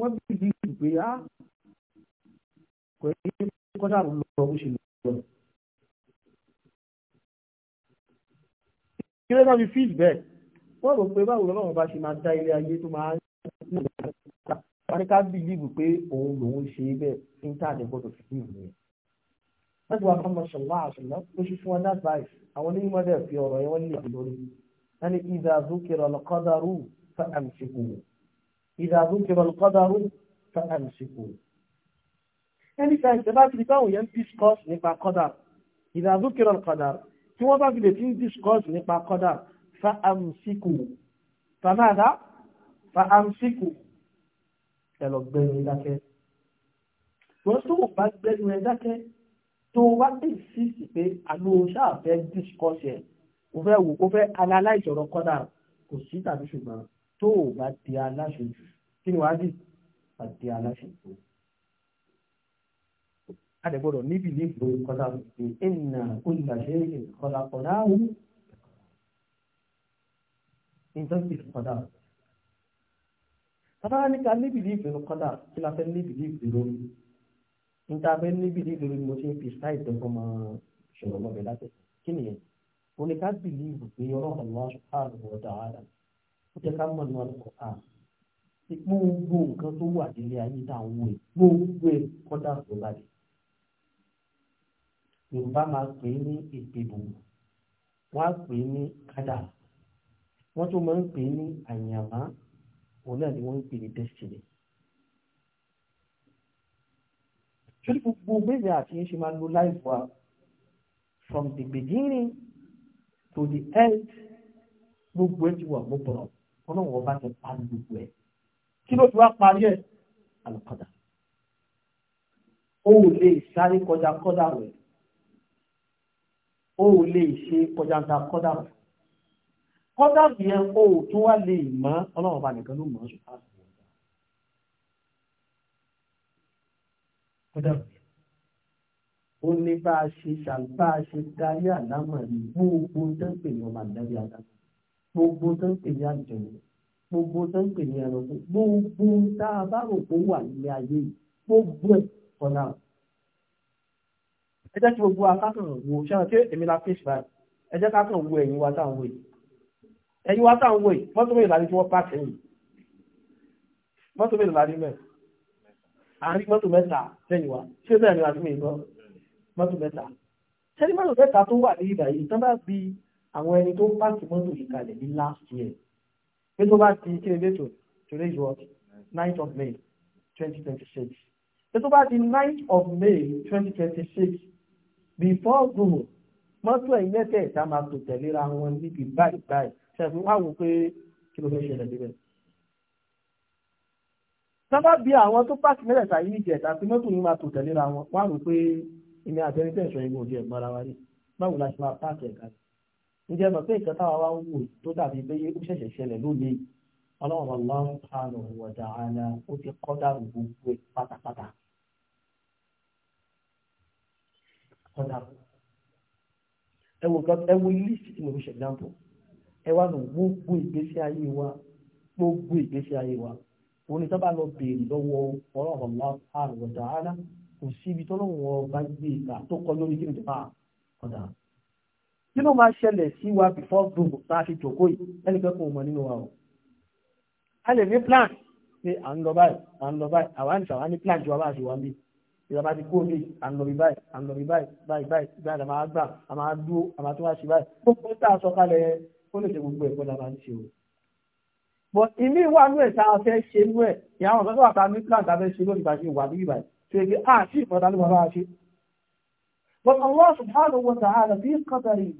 wọ́n bí bí ìgbé á kò ní kọ́sà lọ bó ṣe lọ. kílé náà fi fíìs bẹ́ẹ̀ wọ́n rò pé báwo lọ́wọ́ bá ṣe máa dá ilé ayé tó máa ń ní ìgbà wọ́n ní ká bìlíìbù pé òun lòun ṣe bẹ́ẹ̀ ní táàdé gbọ́dọ̀ fi fíìs nìyẹn. láti wá kọ́ mọ̀ṣán wá àṣùnà ló ṣe fún wọn that àwọn onímọ̀ dẹ̀ fi ọ̀rọ̀ yẹn wọ́n ní lórí. wọ́n ìdá zókèrè ọ̀lọ́kọ́dá rú fẹ́ àmì إذا ذكر القدر فأمسكوا ẹni ta ìtẹ́bá ti báwọn yẹn discuss إذا ذكر القدر tí wọ́n bá fi lè ti ń فأمسكوا فماذا فأمسكوا ẹlọ gbẹ̀rún dákẹ́ wọ́n tó bá gbẹ̀rún ẹ dákẹ́ tó wá pè sí sí pé àlọ́ ṣáà fẹ́ discuss ẹ̀ kò fẹ́ wò kó fẹ́ analyze ọ̀rọ̀ kò sí tàbí ṣùgbọ́n tó o bá di aláṣejù kí ni wàá dì bá di aláṣejù. Adẹ̀gbọ́dọ̀ níbi ní ìgbò kọ́lá pé ẹ̀nà olùdàṣẹ́ ìkọlá kọ̀dá wù. Ìjọ́sí kọ̀dá. Bàbá ní ká níbi ní ìgbò kọ́lá kí la fẹ́ níbi ní ìgbò lórí. Níta fẹ́ níbi ní ìgbò lórí mo ti ń fi sáì tó fọmọ ṣòro mọ́bẹ̀ láti. Kí nìyẹn? Oníkà bìlíìbù pé ọlọ́run lọ́sùn káàdùn ọ̀dà àdàmù ó jẹ́ ká mọ̀ ní ọ̀rọ̀ kan ah, gbogbo nǹkan tó wà nílé ayé náà wò ẹ́ gbogbo ẹ̀ kọ́dà tó balẹ̀ yorùbá máa pè é ní ìpèbò wọ́n á pè é ní kádà wọ́n tún máa ń pè é ní àyàmá òun náà ni wọ́n ń pè ní destiny. torí gbogbo bẹ́ẹ̀ àti ṣe máa lo life wa from the beginning to the end gbogbo ẹ ti wà gbọ́bọ̀rọ̀ ọlọ́run ọba ti parí gbogbo ẹ̀ kí ló fi wá parí ẹ̀ alùpàdà ó ò lè sáré kọjá kọ́dà rẹ̀ ó ò lè ṣe kọjá ta kọ́dà rẹ̀ kọ́dà yẹn ó ò tún wá lè mọ́ ọlọ́run ọba nìkan ló mọ̀ ọ́ ṣùgbọ́n kọ́dà rẹ̀ ó ní bá a ṣe ṣàlùbá a ṣe darí àlámọ̀ ní gbogbo tó ń pè ní ọmọ àdáyé gbogbo tó ń pè ní àjọyọ̀ gbogbo tó ń pè ní ẹranko gbogbo tá a bá rò pé ó wà nílé ayé yìí gbogbo ẹ̀ kọ́nà. ẹ jẹ́ kí gbogbo akákan wo ṣẹ́wọ̀n tí èmi la fèsì báyìí ẹ jẹ́ ká kàn wo ẹ̀yìn wa táwọn wò yìí ẹ̀yìn wa táwọn wò yìí mọ́tò mélòó la ní tí wọ́n pààkì yìí mọ́tò mélòó la ní mẹ́ àárín mọ́tò mẹ́ta lẹ́yìn wa ṣé bẹ́ẹ̀ ni la ní mẹ́ta mọ́tò mẹ́ta ṣé ní mọ́tò mẹ́ta tó wà ní ìgbà yìí tán bá bi àwọn ẹni tó pàṣẹ mọ́tò yìí kalẹ̀ ní last year pé tó bá ti kí ebétò today is what 9th of May 2026 pé tó bá ti 9th of May 2026 before gbogbo mọ́tò ẹ̀yìn mẹ́tẹ̀ẹ̀ta máa tò tẹ̀léra wọn níbi báyìí báyìí ṣẹ̀fún wá wò pé kí ló fẹ́ ṣẹlẹ̀ níbẹ̀ sábà bí àwọn tó pàṣẹ mẹ́tẹ̀ẹ̀ta yìí ní ìjẹta tí mọ́tò yìí máa tò tẹ̀léra wọn wá rò pé ìmẹ̀ àtẹnitẹ̀ ìṣọ́ ìgbòdì ẹ̀gbọ́n ara wa rí báwo la ṣe máa pàṣẹ ìkàlẹ̀ ǹjẹ́ mọ̀ pé ìkan táwa wá ń wò tó dàbí pé ó ṣẹ̀ṣẹ̀ ṣẹlẹ̀ lónìí ọlọ́run Allah subhanahu wa ta'ala ó ti kọ́ dàrú gbogbo ẹ̀ pátápátá. ẹ wo lísì tí mo fi ṣẹ̀dáǹpù ẹ wá lọ gbogbo ìgbésí ayé wa gbogbo ìgbésí ayé wa òun tó bá lọ béèrè lọ́wọ́ ọlọ́run Allah subhanahu wa ta'ala kò síbi tọ́lọ́run ọba gbé ìgbà tó kọ lórí kí n tó bá ọ̀dà kí ló máa ṣẹlẹ̀ sí wa before zoom tá a fi jòkó yìí ẹnìkan kò mọ̀ nínú wa o a lè ní plan pé à ń lọ báyìí à ń lọ báyìí àwa ní sàwọn ní plan ju wa bá ṣe wà níbi ìjọba ti kó mi à ń lọ bí báyìí à ń lọ bí báyìí báyìí báyìí báyìí àmà gbà àmà dúró àmà tó wá ṣe báyìí gbogbo tá a sọ kalẹ̀ ó lè ṣe gbogbo ẹ̀kọ́ la máa ń ṣe o. but ìmí wà nú ẹ̀ tá a fẹ́ ṣe nú ẹ̀ ìyá wọn ah, bá فالله سبحانه وتعالى في قدره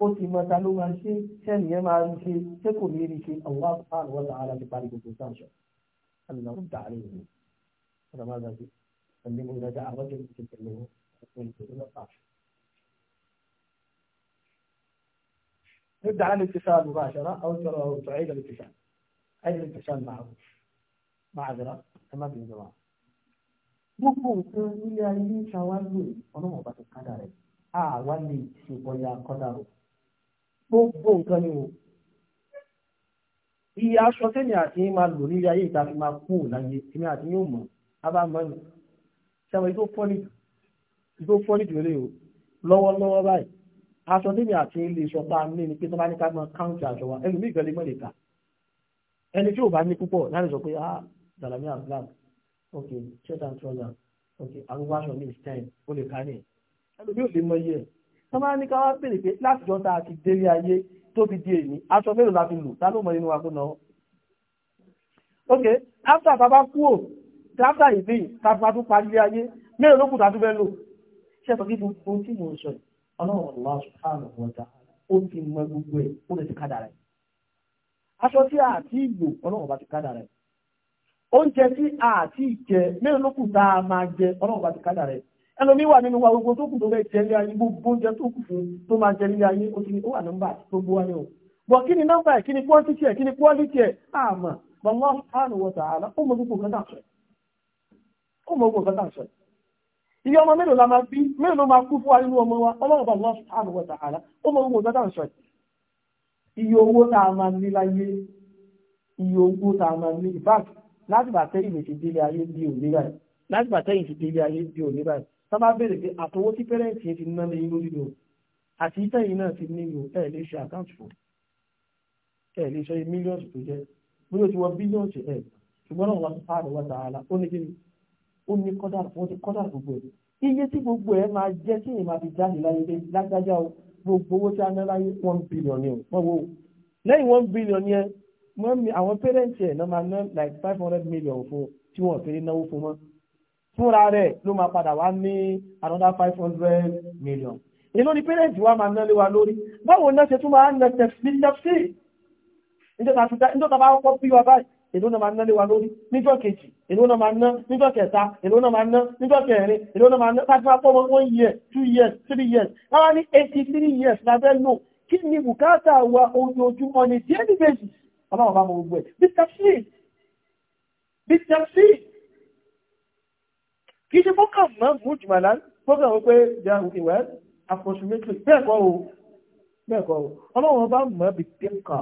قسم تعلم عن شيء كان يما عن شيء تكون يري شيء الله سبحانه وتعالى بطريقه الانسان شيء ان نرد عليه هذا ماذا في عندما اذا جاء الرجل تكلمه يقول في الاطفال نبدا عن الاتصال مباشره او تعيد الاتصال اي الاتصال معه معذره تمام يا جماعه gbogbo nǹkan nílé ayé ṣàwájú ọlọ́run ọba ti kádà rẹ̀ àwa lè ṣe bọ́yá kọ́dà rò gbogbo nǹkan ni o iye aṣọ tẹ́lẹ̀ àti máa lò nílé ayé ìta fi máa kú láyé tẹ́lẹ̀ àti yóò mọ̀ abámọ́ni ṣàwọn ìtò fọ́nìtì ìtò fọ́nìtì rẹ̀ o lọ́wọ́lọ́wọ́ báyìí aṣọ tẹ́lẹ̀ àti ilé ìṣọ̀pá ní ni pé tó bá ní ká máa káùntì aṣọ wa ẹlòmíì ìgbẹ́lẹ́mọ̀ lè ta ẹni tí ò bá ní púpọ̀ láti sọ pé ah dàlámí àbúrò okay shirt and trouser okay àgbègbè aṣọ mi is ten o lè kárí ẹ̀ ẹlòmí ò lè mọ iye ẹ̀ wọ́n máa ní ká wá béèrè pé láti jọ́ta àti délé ayé tó fi di èyí aṣọ mélòó la fi lò tá ló mọ nínú wa náà okay after tá a bá kú ò after ìbí tá a bá tún parí ilé ayé mélòó ló kù tá a tún fẹ́ lò ṣe sọ kí gbogbo tí mo sọ ọlọ́run Allah subhanahu wa ta'ala ó ti mọ gbogbo ẹ̀ ó lè ti kádà rẹ̀ aṣọ tí a àti ìgbò ọlọ́run bá ti kádà rẹ̀ oúnjẹ tí a ti jẹ mẹ́rin ló kù tá a máa jẹ ọlọ́run ti kádà rẹ̀ ẹlòmí wà nínú wa gbogbo tó kù tó fẹ́ jẹ ilé ayé gbogbo oúnjẹ tó kù fún tó máa jẹ ilé ayé ó ti ní ó wà tó gbó o kí ni kí ni kí ni bọ̀mọ́ àrùn ó mọ gbogbo ó mọ gbogbo la máa bí mélòó ló máa kú fún wa ọlọ́run bá a máa ní a máa ní láti gbà tẹ́yìn ti délé ayé di òní báyìí láti gbà tẹ́yìn ti délé ayé di òní báyìí tó bá béèrè pé àtọwọ́ tí pẹ́rẹ́ǹtì yẹn ti ná lé lórí lò àti tẹ́yìn náà ti nílò ẹ̀ lè ṣe àkáǹtì fún ẹ̀ lè ṣe mílíọ̀nù tó jẹ́ bí ó ti wọ bílíọ̀nù ẹ̀ ṣùgbọ́n náà wọ́n fà wọ́n ta ara ó ní kí ó ní kọ́dà gbogbo ẹ̀ iye tí gbogbo ẹ̀ máa jẹ́ tí èèyàn máa fi jáde láyé one billion lẹ́yìn one billion wọ́n mi àwọn pẹ́rẹ́ǹtì ẹ̀ náà máa ná like five hundred million fún tí wọ́n fẹ́rẹ́ náwó fún wọn fúnra rẹ̀ ló máa padà wá ní another five hundred million inú ni pẹ́rẹ́ǹtì wa máa ná lé wa lórí báwo náà ṣe tún máa ń ná tẹ̀sí níjọba bá kọ́ bí wa báyìí èló náà máa ná lé wa lórí níjọ́ kejì èló náà máa ná níjọ́ kẹta èló náà máa ná níjọ́ kẹrin èló náà máa ná láti máa pọ́ ọmọ one year two years three years láwa ní eighty three years lábẹ́ lò kí ni bùkátà wa ojoojúmọ́ ni díẹ̀ ní méjì ọlọ́run bá mọ gbogbo ẹ̀ bí tẹ̀sí bí tẹ̀sí kì í ṣe fọ́kà mọ́ mú jùmọ̀lá fọ́kà wọ́n pé jẹ́ ìwẹ́ approximately bẹ́ẹ̀kọ́ o bẹ́ẹ̀kọ́ o ọlọ́run bá mọ̀ bí tẹ́ǹkà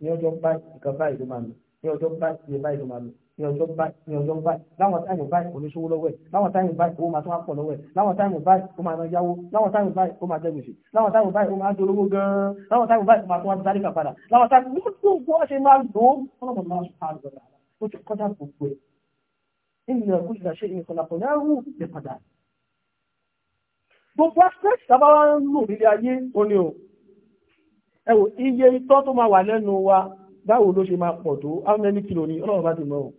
ní ọjọ́ báyìí ìkan báyìí ló máa lò ní ọjọ́ báyìí ìkan báyìí ló máa lò ní ọjọ́ báyìí ní ọjọ́ báyìí láwọn táìmù báyìí kò ní ṣòwò lọ́wọ́ ẹ̀ láwọn táìmù báyìí owó máa tún wá pọ̀ lọ́wọ́ ẹ̀ láwọn táìmù báyìí ó máa máa yáwó láwọn táìmù báyìí ó máa jẹ gbèsè láwọn táìmù báyìí ó máa jẹ olówó gan-an láwọn táìmù báyìí ó máa tún wá sáré kà padà láwọn táìmù báyìí gbogbo wọn ṣe máa lò ó ọlọ́run máa ṣe àgbẹ̀ ó ti kọjá gbogbo ẹ̀ ènìyàn kò ṣe ṣe ìkọlàpọ̀ lẹ́rù lè padà gbogbo aspect tábà wá ń lò nílé ayé ó ní o ẹ wò iye itọ́ tó máa wà lẹ́nu wa báwo ló ṣe máa pọ̀ tó how many kilo ni ọlọ́run bá ti mọ̀ ọ́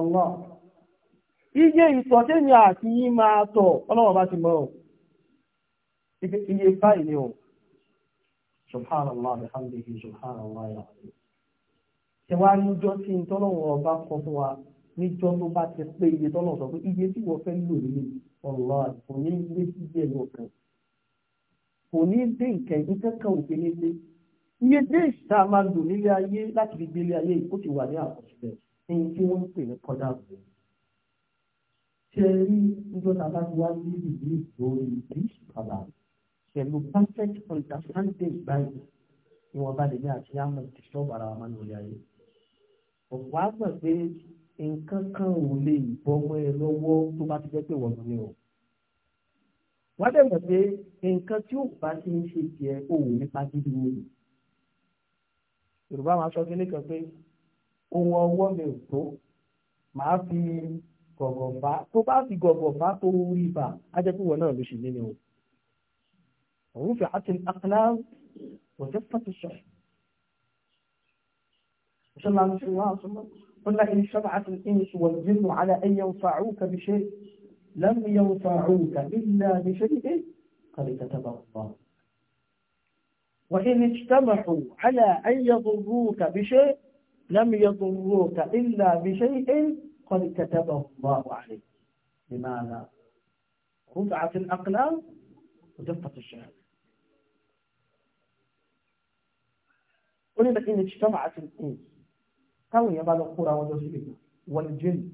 Allah iye ìtọ̀ tí ni àti yí máa tọ̀ ọlọ́wọ̀ bá ti mọ́ ọ̀ iye báyìí ni ọ̀ subhanallah alhamdulillahi subhanallah yàtọ̀ ṣe wá níjọ́ tí ń tọ́lọ̀wọ̀ ọba kọ fún wa níjọ́ tó bá ti pé iye tọ́lọ̀ sọ pé iye tí wọ́n fẹ́ lò ní ọ̀rọ̀ kò ní ilé sí iye ìṣàmàlò nílé ayé láti fi gbélé ayé ó wà ní àkọsílẹ̀ ẹni tí wọ́n ń pè ní kọ́dà rẹ̀. ṣe rí níjọ́ta bá ti wá ní ìlú lórí ìlú bàbá pẹ̀lú perfect understanding báyìí ni wọ́n bá lè ní àti àmọ̀ ìṣọ́ bara wa máa ń lórí ayé. ọ̀pọ̀ á gbà pé nǹkan kan ò lè bọ́mọ ẹ lọ́wọ́ tó bá ti jẹ́ pé wọ́n ní o. wọ́n dẹ̀ mọ̀ pé nǹkan tí ò bá ti ń ṣe tiẹ̀ òun nípa gidi ni. Yorùbá máa sọ kí nìkan pé ohun ọwọ́ mi ò tó màá fi gọ̀gọ̀ bá tó bá fi gọ̀gọ̀ bá tó rí ibà á jẹ́ pé wọn náà ló ṣì nínú o òun fi àti pàtó sọ ìṣọ́lá ń fi gogo to ri ba a je pe naa lo se ninu àtúmọ̀ قلنا إن شرعت الإنس والجن على أن ينفعوك بشيء لم ينفعوك إلا بشيء قد كتبه الله وإن اجتمعوا على أن يضروك بشيء لم يضروك إلا بشيء قد كتبه الله عليك لماذا؟ رفعت الأقلام وجفت الشهادة ولذلك إن اجتمعت الإنس يا بعض القرى والرسول والجن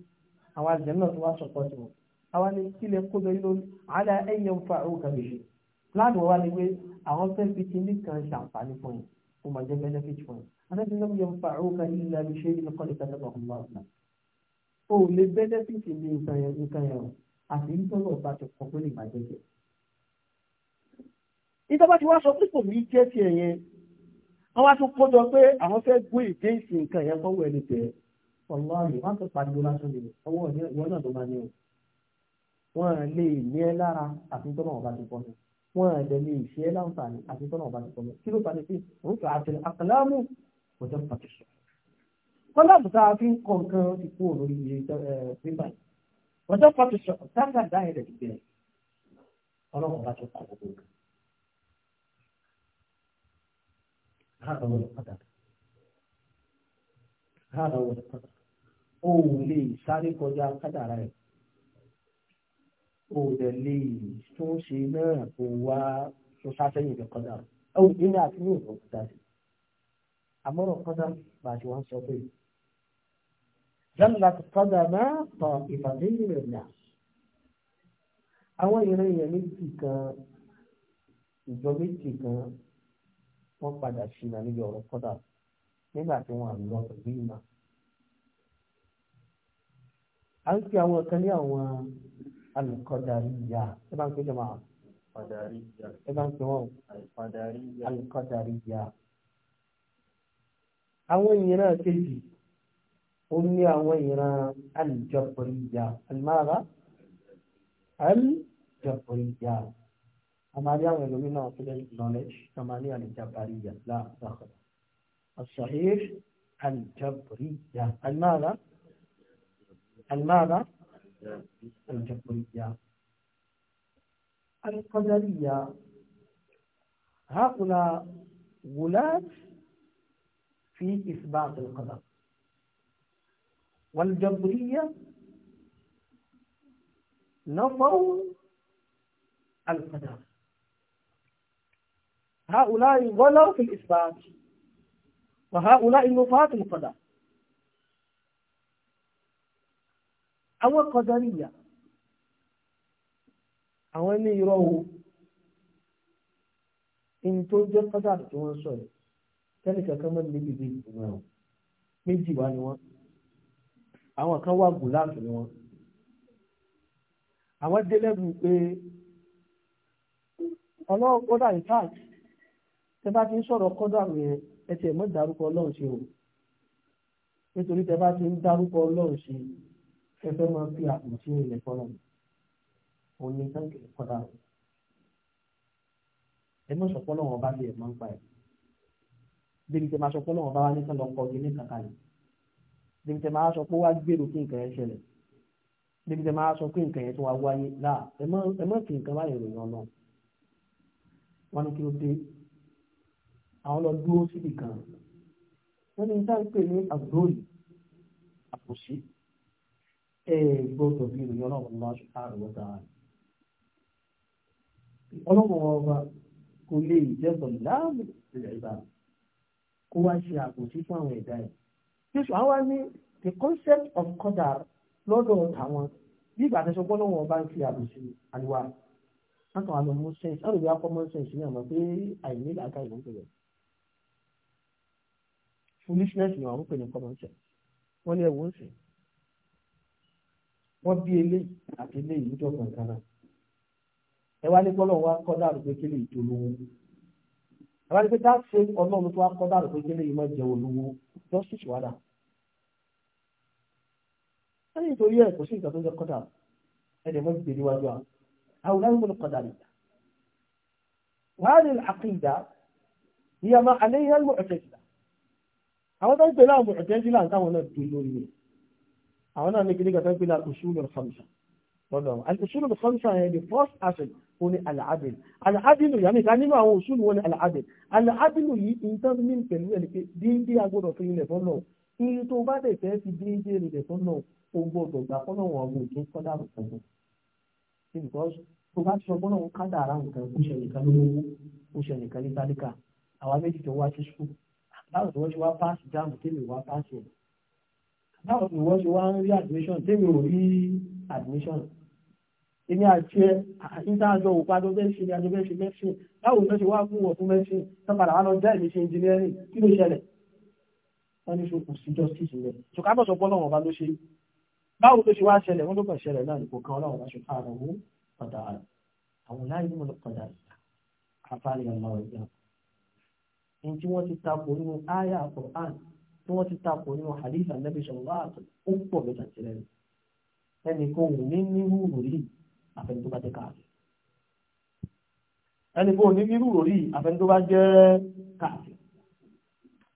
أو الجنة واشقتهم أو أن كل قدر على أن ينفعوك بشيء لا دوالي àwọn fẹ́ fi ti ní kan ṣàǹfààní fún وما kó máa jẹ́ anábì lọ́mú yẹn fa àrùkà ilẹ̀ abiṣẹ́ ìlọ́kọ́ lè kàtàkọ̀ ọ̀gbọ́n ọ̀gbà o lè bẹ́nẹ́fìtì ní nǹkan yẹn nǹkan yẹn o àti nítorí ọba ti kọ pé lè má jẹ́ jẹ́ ìjọba ti wá sọ pé kò ní jẹ́ tiẹ̀ yẹn wọ́n wá tún kójọ pé àwọn fẹ́ gbé ìdé ìsìn nǹkan yẹn fọ́wọ́ ẹni tẹ̀ ọlọ́ọ̀rì wọ́n tó pariwo lásán ni ọwọ́ ìwọ náà ló máa ní o wọ́n lè ní ẹ lára àti tọ́nà ọba ti pọ́nù wọ́n lè ní ìṣe láǹfààní àti tọ́nà ọba ti pọ́nù kí ló fà ní sí òun fà àtẹlẹ àkàlámù ọjọ́ pàtó sọ. kọ́lọ́ọ̀bù tá a fi ń kọ nǹkan ti kú òun iye pépà yìí ọjọ́ pàtó sọ táǹgà dá ẹ̀rẹ̀ ti bẹ̀rẹ̀ ọlọ́run bá tó kọ gbogbo nǹkan. هذا هو القدر هذا هو القدر ó lè sáré kọjá kádàrá ẹ̀ ó dẹ̀ lè tún ṣe náà kó wá tó sásẹ́yìn ìdí kọjá ó oh, ìdílé àti ní ìfọ̀kúta sí àmọ́rọ̀ kọ́dà bàjẹ́ wọn sọ pé jannat kọ́dà náà tọ ìbàdí rẹ̀ nà àwọn ìran èèyàn méjì kan ìjọ méjì kan wọ́n padà ṣìnà níbi ọ̀rọ̀ kọ́dà nígbà tí wọ́n àlọ́ pẹ̀lú ìmọ̀ a ń fi àwọn kan ní àwọn alùkọ́dàríyà ẹ bá ń pè jọmọ àwọn ẹ bá ń pè wọn alùkọ́dàríyà. àwọn ìran kejì ó ní àwọn ìran alìjọpọ̀lìyà alìmára alìjọpọ̀lìyà àmàlí àwọn ìlú náà tó lè knowledge àmàlí alìjọpọ̀lìyà láàbàkọ̀ الصحيح الجبرية الماذا الماذا الجبرية القدرية هؤلاء ولاة في إثبات القدر والجبرية نفوا القدر هؤلاء غلوا في الإثبات وهؤلاء نفاة القدر أو قدرية أو نيرو إن توجد قدر تونسوني tẹ́lẹ̀ kankan mọ́ níbi ìdí ìgbìmọ̀ ẹ̀wọ̀n méjì wá ni wọ́n àwọn kan wà gùláàtù ni wọ́n àwọn délẹ́bù pé ọlọ́run kọ́dà in fact tẹ bá ti ń sọ̀rọ̀ kọ́dà yẹn ẹ tiẹ̀ mọ́ dárúkọ ọlọ́run ṣe o nítorí tẹ bá ti ń dárúkọ ọlọ́run ṣe ẹ fẹ́ máa fi àpòtí ilẹ̀ fọ́nà òun ni sáǹkì kọ́dà ẹ mọ̀ sọ̀pọ̀ lọ́wọ́ bá lè máa ń pa ẹ̀ débi tẹ máa sọ pé ọlọ́run bá wá ní sọ́lọ́ kọ́ gíní kankan yìí débi tẹ máa sọ pé wá gbèrò kí nǹkan yẹn ṣẹlẹ̀ débi tẹ máa sọ pé nǹkan yẹn tó wá wáyé láà ẹ mọ́ kí nǹkan bá ìròyìn ọ̀nà wọn ni kí ló dé àwọn lọ dúró síbi kan wọ́n ní sáà ń pè ní àgbóyè àpòsí ẹ gbọ́dọ̀ bí ìròyìn ọlọ́run máa ṣe káàrọ̀ wọ́ta ọlọ́run ọba kò lè jẹ́ bọ̀ láàmú ìrẹ̀ ìbára kó wá ṣe àbòsí fún àwọn ẹ̀dá ẹ̀. Jésù àwa ní the concept of qadar lọ́dọ̀ àwọn bí ìgbà àtẹ̀sọ gbọ́dọ̀ wọn bá ń fi àbòsí àríwá. Wọ́n kàn mú sense, wọ́n lè wá common sense ní àmọ́ pé àìní làákà ìlú ń pèrè. Foolishness ni àwọn ń pè ní common sense. Wọ́n ní ẹ̀wọ̀n sìn. Wọ́n bí eléyìí àti eléyìí lójọ́ kankan náà. Ẹ wá ní gbọ́dọ̀ wá kọ́ pé kí lè dolówó àwọn ẹgbẹ́ tá ṣe ọlọ́run tó wá kọ́ dàrú pé kéré yìí máa jẹ olówó justice wàdà lẹ́yìn torí ẹ̀ kò sí ìgbà tó jẹ kọ́dà ẹ̀dẹ̀ mọ́ ìgbè níwájú à àwùjọ àwọn ọmọ kọ́dà nìyà wàá ní àkìdá ìyá máa àléyìn àlùmọ̀ ẹ̀tẹ̀sílà àwọn tó ń pè láwọn ẹ̀tẹ̀sílà táwọn náà dùn lórí rẹ̀ àwọn náà ní kíníkà tó ń pè láwọn òṣùwọ̀n lọ́dọ̀ àwọn alìsúlù bí kọ́nsá yẹn the first aspect ó ní alàádìlù alàádìlù yàmí ká nínú àwọn òṣùlù wọn ní alàádìlù alàádìlù yìí intermin pẹ̀lú ẹni pé déédéé agbọ́dọ̀ fi ilẹ̀ fọ́nà iye tó bá dẹ̀ fẹ́ fi déédéé ilẹ̀ fọ́nà o gbọ́dọ̀ gbà fọ́nà wọn àwọn òkè kọ́dà nǹkan because tó bá sọ fọ́nà wọn kádà ara nǹkan ó ṣe nìkan lówó ó ṣe nìkan ní tálíkà àwa méjì tó wá sí skul báwo ni wọ́n ṣe wá páàsì jáàmù tẹ́lẹ̀ wá páàsì ẹ̀ báwo ni wọ́n ṣe wá ń rí admission tẹ́lẹ̀ ò rí admission èmi àti ẹ àtìntàjọ òpàdó mẹ́ṣin ni àjọ mẹ́ṣin mẹ́ṣin láwọn ìmẹ́ṣin wá fún wọ̀ fún mẹ́ṣin tó lọ jẹ́ ìmẹ́ṣin engineering kí ló ṣẹlẹ̀ wọ́n ní ṣokùn sí justice rẹ̀ ṣùkábọ̀ sọ pọ́lọ́wọ̀n ọba ló ṣe báwo ló ṣe wá ṣẹlẹ̀ wọ́n ló kàn ṣẹlẹ̀ náà nìkò kan ọlọ́run aṣọ káàrọ̀ mú padà àwọn láì mú lọ padà àfáàlì ọmọ ìyá ẹni tí wọ́n ti tapò nínú àyà Quran tí wọ́n ti tapò nínú hadith anabi sọ̀rọ̀ wá ó pọ̀ lọ́jà tìrẹ̀ ẹnì kan ò ní ní wúrò yìí àfẹni tó bá jẹ́ káàkiri ẹni kò ní irú òrí àfẹni tó bá jẹ́ káàkiri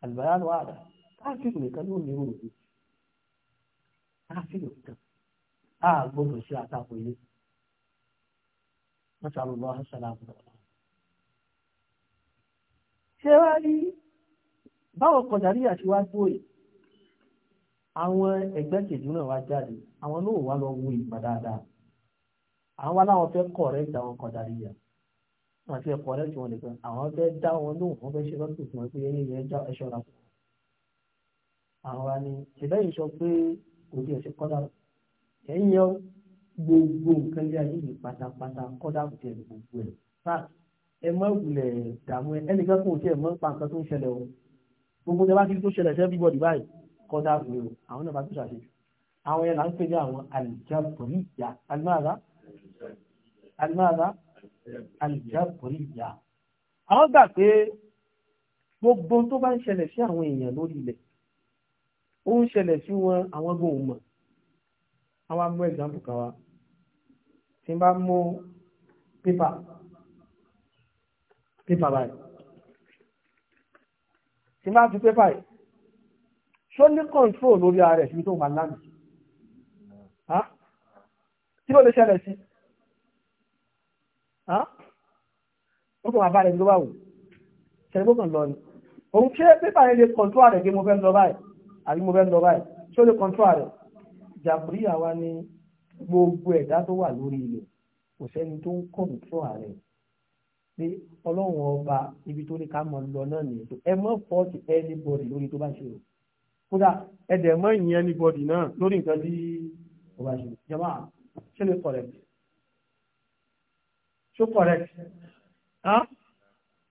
àlùbáyá ló wà dá káàkiri nìkan ló ní irú òrí káàkiri nìkan á gbọdọ̀ ṣe àtakò ilé wọ́n ṣe àlùbọ́ ṣàlàmù ṣé wá rí báwọn kọjàrí àṣíwájú òye àwọn ẹgbẹ́ kejì náà wá jáde àwọn náà wá lọ wo ìgbà àwọn aláwọn fẹ́ correct àwọn kọ̀dáríyà wọn fẹ́ correct wọn nìkan àwọn fẹ́ dá wọn lóhùn wọn fẹ́ ṣe lọ́dún fún wọn pé ẹyẹ yẹn já ẹṣọ́ ra fún àwọn ni ṣẹlẹ̀ yìí sọ pé kò di ẹ̀ṣẹ̀ kọ́dà ẹ̀yìn yẹn gbogbo nǹkan ilé ayé yìí pátápátá kọ́dà kò tiẹ̀ gbogbo ẹ̀ fact ẹ mọ́ ìwùlẹ̀ dààmú ẹ ẹnìkan kò tiẹ̀ mọ́ pa nǹkan tó ń ṣẹlẹ̀ o gbogbo ní wá sí tó ṣẹlẹ̀ sẹ́bí bọ́dì báyìí tó ṣàṣejù àwọn alimára alìjábòríyà àwọn gbà pé gbogbo tó bá ń ṣẹlẹ̀ sí àwọn èèyàn lórí ilẹ̀ ó ń ṣẹlẹ̀ sí wọn àwọn gbóhùn mọ̀ àwọn amú ẹ̀gbàmpù kan wa tí bá mú pépà pépà báyìí tí bá ju pépà yìí ṣó ní kọ̀ǹtró lórí ara sí tó wà lánàá tí ó lè ṣẹlẹ̀ sí ó fún àbá rẹ̀ ló wà wò ṣẹ̀gbó kan lọ ni òun ṣe pépà yẹn lè kọ̀ǹtó rẹ̀ pé mo fẹ́ lọ báyìí àbí mo fẹ́ lọ báyìí ṣé ó lè kọ̀ǹtó rẹ̀ jàbùrí àwa ni gbogbo ẹ̀dá tó wà lórí ilẹ̀ kò sẹ́ni tó ń kọ̀ǹtó rẹ̀ pé ọlọ́run ọba ibi tó ní ká mọ̀ lọ náà nìyẹn tó ẹ mọ́ fọ́ọ̀tì anybody lórí tó bá ṣe o kódà ẹ̀dẹ̀ mọ́ ìyẹn anybody náà lórí nǹkan tí ó ṣe jọba ṣe lè correct ṣó correct ah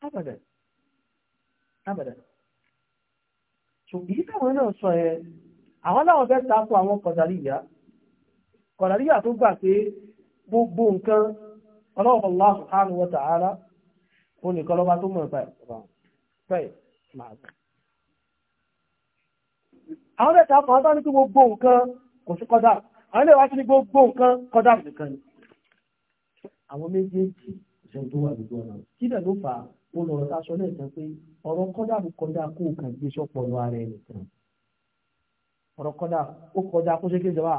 abadan abadan so èyí táwọn náà sọ ẹ àwọn láwọn fẹ́ tako àwọn kọ̀dàríyà kọ̀dàríyà tó gbà pé gbogbo nǹkan ọlọ́run Allah subhanahu wa ta'ala ó nìkan lọ́ba tó mọ̀ ẹ̀ báyìí máa bọ̀. àwọn fẹ́ tako àwọn tó ní gbogbo nǹkan kò àwọn méjèèjì ìṣẹ́ni tó wà lójú ọ̀nà kí dẹ̀ ló fà á ó lọ ọ̀rọ̀ táṣọ náà tán pé ọ̀rọ̀ kọ́dà ló kọjá kó o kàn gbé sọ́pọ̀ lọ ara ẹ̀ nìkan ọ̀rọ̀ kọ́dà ó kọjá kó ṣe kéjọba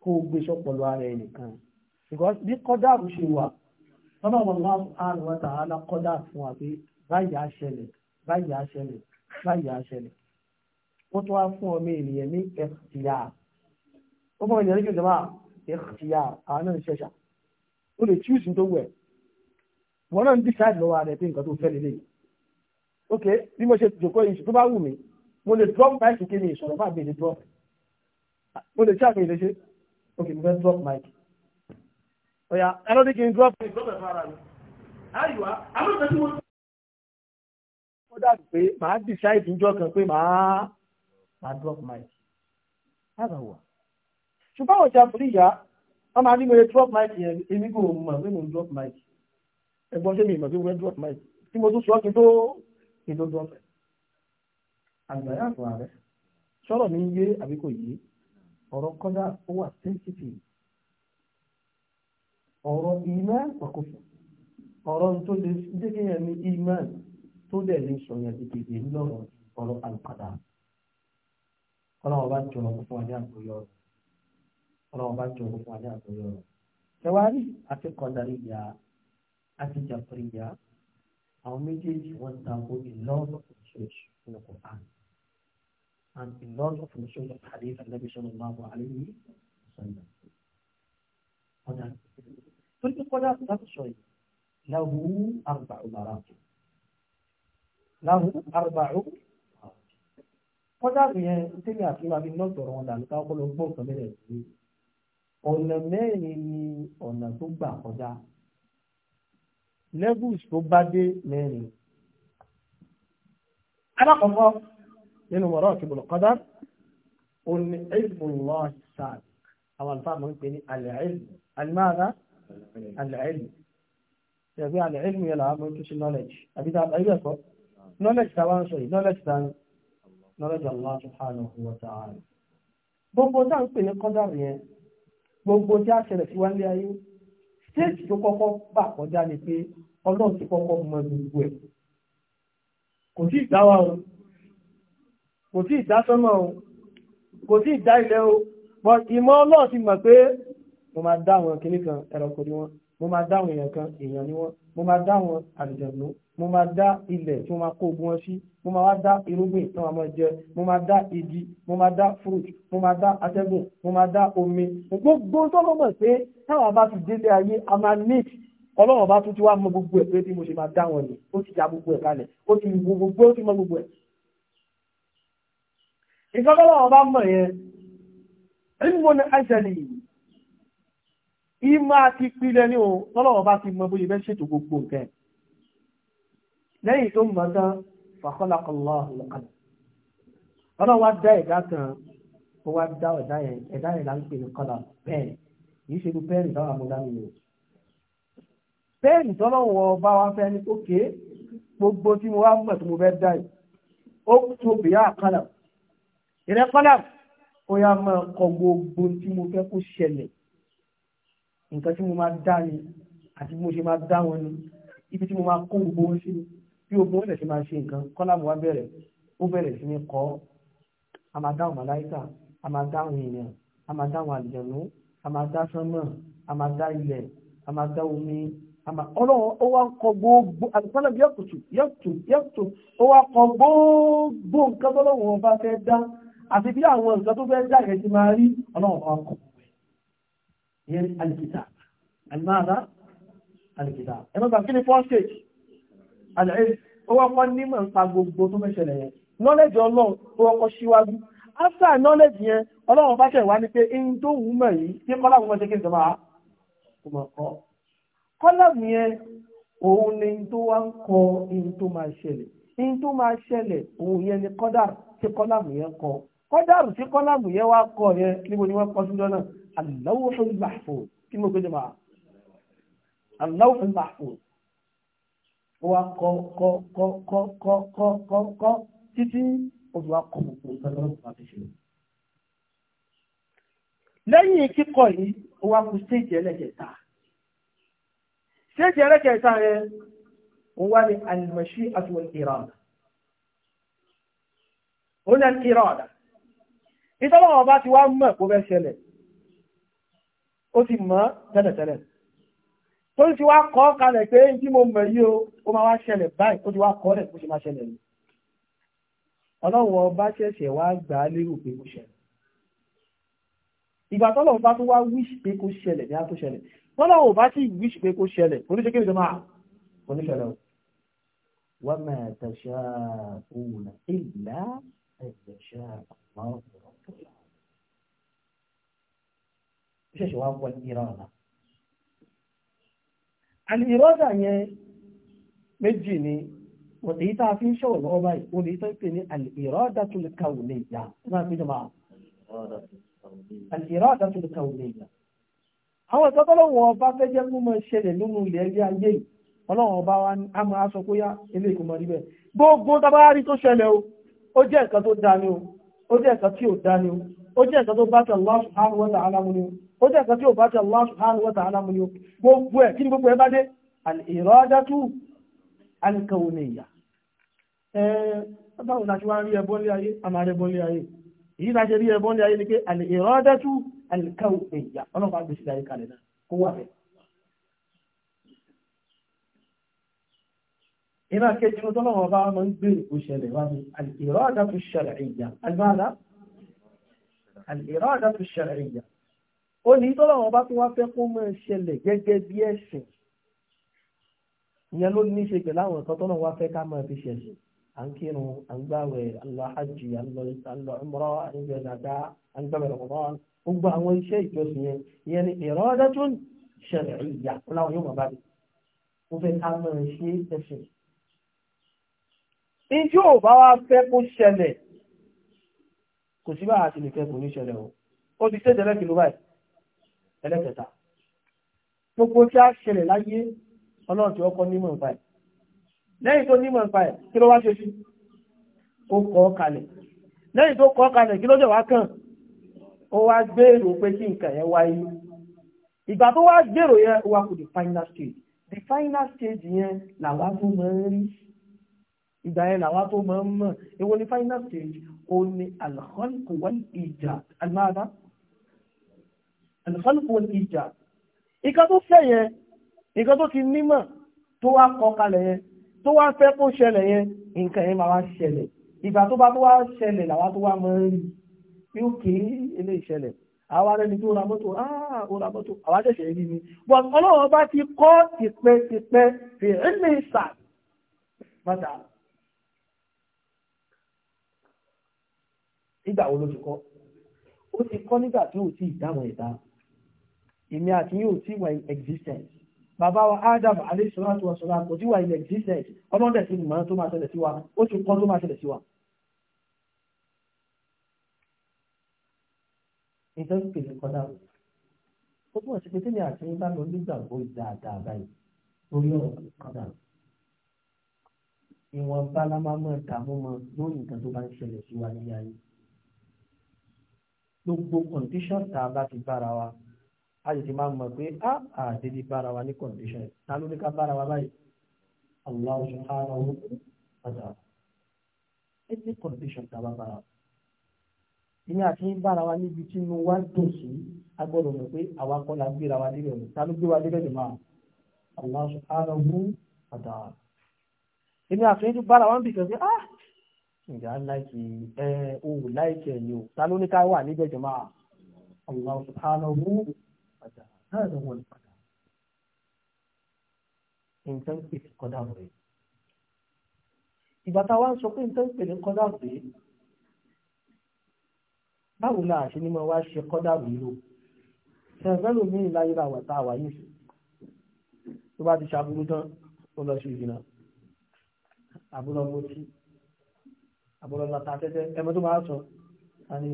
kó o gbé sọ́pọ̀ lọ ara ẹ̀ nìkan because bí kọ́dà ló ṣe wà bábà wọn máa ń àrùn wọn tà á lá kọ́dà fún wa pé báyìí á ṣẹlẹ̀ báyìí á ṣẹlẹ̀ báyìí á ṣẹlẹ̀ ó tún wá fún ọmọ ènìyàn ní ẹ̀kìyà ó ó lè tíúsì tó wẹ̀ wọn náà ń dísáàdì lọ́wọ́ rẹ̀ pé nǹkan tó fẹ́ lélẹ̀ ok bí mo ṣe jòkó yìí tó bá wù mí mo lè drop mic kí ni ìṣòro máa bèèrè drop mo lè ṣáà bèèrè ṣe ok mo fẹ́ drop mic ọ̀yà ẹlọ́dí kí n drop mic drop ẹ̀fọ́ ara mi àyùwá amúnṣe tí mo. ó dàbí pé màá dísáàdì níjọ́ kan pé màá màá drop mic. ṣùgbọ́n àwọn ìjà àbúrí ìyá wọ́n máa ní mo lè drop mic yẹn èmi kò mọ̀ pé mo drop mic ẹgbọ́n ṣé mi mọ̀ pé mo fẹ́ drop mic tí mo tún sọ kí n tó kí n tó drop ẹ̀ àgbàyà àgbà rẹ̀ sọ̀rọ̀ mi yé àbí kò yé ọ̀rọ̀ kọ́dá ó wà sensitive ọ̀rọ̀ ìmọ̀ pàkóso ọ̀rọ̀ tó lè jẹ́ yẹn ní ìmọ̀ tó dẹ̀ lè sọ̀yàn ìkèdè lọ́rọ̀ ọ̀rọ̀ àlùkàdà ọlọ́wọ́ bá jọ̀rọ̀ fún wa ní ọlọ́run bá jọ fún adé àtọ́yọ̀ rẹ̀. ṣẹ̀wárí àti kọ̀dàríyà àti jàpùríyà àwọn méjèèjì wọ́n ta ko in love of the church in the Quran and in love of the church of hadith and nabi sallallahu alayhi wa sallam. ọ̀dà tó ti kọ́dà láti sọ yìí lahu arba'u marati lahu arba'u kọ́dà yẹn tẹ́lẹ̀ àti wàbí nọ́ọ̀tọ̀ ọ̀rọ̀ wọn ọ̀nà mẹ́rin ni ọ̀nà tó gbà kọjá levels tó bá dé mẹ́rin alákọ̀ọ́kọ́ nínú mọ̀rọ̀ ọ̀kìbùlọ̀ kọjá ó ní ilmùlọ́ sáàk àwọn alfáàmù ń pè ní alẹ́ẹ̀lì alimáàdá alẹ́ẹ̀lì ẹ̀gbẹ́ alẹ́ẹ̀lì yẹn tó ṣe knowledge àbí tá knowledge tá knowledge tá knowledge Allah subhanahu wa ta'ala gbogbo táà ń pè ní kọ́dà yẹn gbogbo tí a ṣẹlẹ̀ sí wá ní ayé stéèjì tó kọ́kọ́ bà kọjá ni pé ọlọ́run ti kọ́kọ́ mọ gbogbo ẹ̀ kò tí ì o kò tí ì dá sọ́mọ o kò tí ì ilẹ̀ o but ìmọ̀ ọlọ́run ti mọ̀ pé mo máa dá àwọn kìnnìkan ẹ̀rọ kò ní wọn mo máa dá àwọn èèyàn kan èèyàn ni wọn mo máa dá àwọn àlùjànnú mo máa dá ilẹ̀ tí mo máa kó ogun wọn sí mo máa wá dá irúgbìn tí wọ́n máa jẹ mo máa dá igi mo máa dá fruit mo máa dá atẹ́gùn mo máa dá omi gbogbo sọ́lọ́mọ̀ pé táwọn bá ti délé ayé a máa ní ọlọ́run bá tún ti wá mọ gbogbo ẹ̀ pé bí mo ṣe máa dá wọn ni ó ti ya gbogbo ẹ̀ kalẹ̀ ó ti mú gbogbo ó ti mọ gbogbo ẹ̀ ìkọ́kọ́ bá mọ̀ yẹn ẹni mo ní àìsàn nìyí ìmọ̀ àti pílẹ̀ ní ohun tọ́lọ̀wọ̀ bá ti mọ bóyí bẹ́ ṣètò gbogbo nǹkan lẹ́yìn tó mọ̀ tán fàkọ́lákọ̀lọ́ọ̀lọ́kàlẹ̀ ọlọ́wà dá ẹ̀dá kan ó wá dá ẹ̀dá ẹ̀dá ẹ̀dá ń pè ní kọ́lá pẹ́ẹ̀n yìí ṣe pẹ́ẹ̀n tọ́wọ́ àmúdámi rẹ̀ pẹ́ẹ̀n tọ́lọ́wọ̀ bá wá fẹ́ ní ókè gbogbo tí mo wá mọ̀ tí mo fẹ́ dá ẹ̀ ó tó bìyà kọ́lá ìrẹ́kọ́lá ó yá máa kọ gbogbo tí mo fẹ́ kó ṣẹlẹ̀ nǹkan tí mo máa dá ni àti bí mo ṣe máa dá wọn ni ibi tí mo máa kó gbogbo wọn sí bí gbogbo wọn lè ṣe máa ṣe nǹkan kọ́lá mo wá bẹ̀rẹ̀ ó bẹ̀rẹ̀ sí ní kọ́ a máa dáhùn màláìkà a máa dáhùn èèyàn a máa dáhùn àlùjànnú a máa dá sánmọ̀ a máa dá ilẹ̀ a máa dá omi ọlọ́run ó wá kọ gbogbo àtìpọ́lẹ̀ bí yàtùtù yàtù yàtù ó wá kọ gbogbo nǹkan tọ́lọ́run bá fẹ́ dá àti bí àwọn nǹkan tó fẹ́ dá ìrẹsì máa rí ọlọ́run kan yẹn alìkìtà alìmáàdá alìkìtà ẹmọ gbà kí ni first stage alìkìtà ó wá kọ́ nímọ̀ nípa gbogbo tó mẹ́ṣẹ̀lẹ̀ yẹn knowledge ọlọ́run ó wá kọ́ síwájú after knowledge yẹn ọlọ́run bá ṣẹ̀ wá ní pé in tó wù mọ̀ yìí tí kọ́lá mọ̀ ṣe kí n sọ̀rọ̀ kò mọ̀ kọ́ kọ́lá yẹn òun ni tó wá ń kọ in tó máa ṣẹlẹ̀ in tó máa ṣẹlẹ̀ òun yẹn ni kọ́dà tí kọ́lá yẹn kọ kọ́dà tí kọ́lá yẹn wá kọ yẹn níbo ni wọ́n kọ́ sí lọ́nà al-lawhul كما قلت mo pè jọba هو كو كو كو كو كو كو كو كو kọ kọ kọ kọ títí ó ti wá kọ gbogbo nǹkan lọ́wọ́ bá ti ṣe. lẹ́yìn kíkọ yìí ó wá kú stéèjì ẹlẹ́kẹta stéèjì ẹlẹ́kẹta yẹn ó wá ní al-mashi'atu ó ní al-irada bá ti wá mọ̀ kó fẹ́ ṣẹlẹ̀ ó ti mọ̀ tẹ́lẹ̀tẹ́lẹ̀ tó ti wá kọ́ kalẹ̀ pé tí mo mọ̀ yí o ó wá ṣẹlẹ̀ báyìí ó ti wá kọ́ rẹ̀ bó ṣe máa ṣẹlẹ̀ yìí ọlọ́wọ́ bá ṣẹ̀ṣẹ̀ wá gbà lérò pé kó ṣẹlẹ̀ ìgbà tọ́lọ̀ bá tó wá wíṣì pé kó ṣẹlẹ̀ ní àtó ṣẹlẹ̀ tọ́lọ̀ bá sì wíṣì pé kó ṣẹlẹ̀ oníṣẹ́ kí ìjọba oníṣẹ́lẹ̀ wa ma tasha'una illa an yasha Allahu ṣẹ̀ṣẹ̀ wá wọ ìrọ̀lá. Àlìrọ́dà yẹn méjì ni, wọ̀n èyí tàà fi ń ṣọ̀rọ̀ lọ́wọ́ báyìí, o lè tọ́ pè ní àlìrọ́dà tó lè kàwò lè yà. Àlìrọ́dà tó lè kàwò lè yà. Àwọn ìtọ́tọ́ lọ́wọ́ ọba fẹ́ jẹ́ mú mọ́ ṣẹlẹ̀ nínú ilẹ̀ ẹgbẹ́ ayé yìí, ọlọ́run ọba wa á máa sọ ó jẹ́ ẹ̀kan tí ó bá ti Allah subhanahu wa ta'ala mú ní òkè gbogbo ẹ̀ kí ni gbogbo ẹ bá dé al-iradatu al-kawniyya báwo la ṣe wá rí ẹbọ ní ayé a máa rí ẹbọ ní ayé èyí la ṣe rí ẹbọ ní ayé kejì ló tọ́lọ́wọ́ bá mọ́ ń gbé ìṣẹ̀lẹ̀ wá ní al-iradatu ash-shar'iyya al ó ní tọ́lá àwọn bá tún wá fẹ́ kó mọ̀ ṣẹlẹ̀ gẹ́gẹ́ bí ẹ̀sìn ìyẹn ló ní ṣe pẹ̀lú àwọn ẹ̀kọ́ tọ́lá wá fẹ́ ká máa fi ṣẹ̀sìn à ń kírun à ń gbàwẹ̀ aláhàjì alọ́ọ̀mọ́rọ́ àyẹ̀dàdá à ń gbàwẹ̀ lọ́kọ̀ọ́ gbogbo àwọn iṣẹ́ ìjọsìn yẹn ìyẹn ni ìrọ́dá tó ń ṣẹlẹ̀ ìyá láwọn yóò máa bá mi mo fẹ́ ká máa ṣe ẹ̀sìn. ijó ò bá wá fẹ́ kó ṣẹlẹ̀ kò sí bá àti nìkẹ́ kò ní ṣẹlẹ̀ o ó ti ṣẹ́jẹ̀ lẹ́kìlú báyìí ẹlẹ́kẹta gbogbo tí a ṣẹlẹ̀ láyé ọlọ́run tí ọkọ̀ nímọ̀ nípa ẹ̀ lẹ́yìn tó nímọ̀ nípa ẹ̀ kí ló wá ṣe sí ó kọ́ kalẹ̀ lẹ́yìn tó kọ́ kalẹ̀ kí ló jẹ́ wá kàn ó wá gbèrò pé kí nǹkan yẹn wáyé ìgbà tó wá gbèrò yẹn wá kù the final stage the final stage yẹn làwa tó máa ń rí ìgbà yẹn làwa tó máa ń mọ̀ èwo ni final stage ó ní al-khalq wal-ijad al-mada alìkọ́lùkù ìjà ìkan tó fẹ́ yẹn ìkan tó ti nímọ̀ tó wá kọ kalẹ̀ yẹn tó wá fẹ́ kó ṣẹlẹ̀ yẹn nǹkan yẹn máa wá ṣẹlẹ̀ ìgbà tó ó ni tó ra mọ́tò áà ó ra mọ́tò àwa ṣẹ̀ṣẹ̀ rí ni but ọlọ́run bá ti kọ́ tipẹ́ tipẹ́ fi ilé ìsà mọ́ta nígbà wo ó ti kọ́ nígbà tí ò tí ì dáhùn èmi àti yóò tí wà existence bàbá wa Adam aleṣọ́láṣọ́ ọ̀ṣọ́lá kò tí wà existence ọlọ́dẹ̀ sí ìmọ̀ tó máa ṣẹlẹ̀ sí wa ó ti kọ́ tó máa ṣẹlẹ̀ sí wa. nítorí pèlè kọ́dá ó túnbọ̀ sí pé tí mi àti yín bá lọ nígbàgbọ́ dáadáa báyìí lórí ọ̀rọ̀ kọ́dá ìwọ̀n bálámámọ́ ìdààmú mọ́ lórí nǹkan tó bá ń ṣẹlẹ̀ sí wa nílé ayé gbogbo condition tá a bá ti bára wa a sì ti máa mọ̀ pé a àdédé bára wa ní condition ta ló ní ká bára wa báyìí Allah subhanahu wa ta'ala any condition ta bá bára wa ìní àti bára wa níbi tí inú wa dùn sí a gbọ́dọ̀ mọ̀ pé àwa kọ́ la gbéra wa débẹ̀ ọ̀hún ta ló gbé wa débẹ̀ jù máa Allah subhanahu wa ta'ala ìní àti bára wa ń bì kan pé ah láìkì ẹ òun láìkì ẹ̀yìn o ta ló ní ká wà níbẹ̀ jù máa Allah subhanahu wa ta'ala. القدر هذا هو القدر إن تنفي في القدر إذا توان شقين تنفي للقدر báwo la ṣe ní mo wá ṣe kọ́dà wílò ṣẹ̀fẹ́lò ní ìláyé làwọ̀ tá a wà yìí tó bá ti ṣàbúrú tán ó lọ sí ìgbìnà àbúrò mọ́tí àbúrò lọ́ta tẹ́tẹ́ ẹmọ tó máa sọ a ní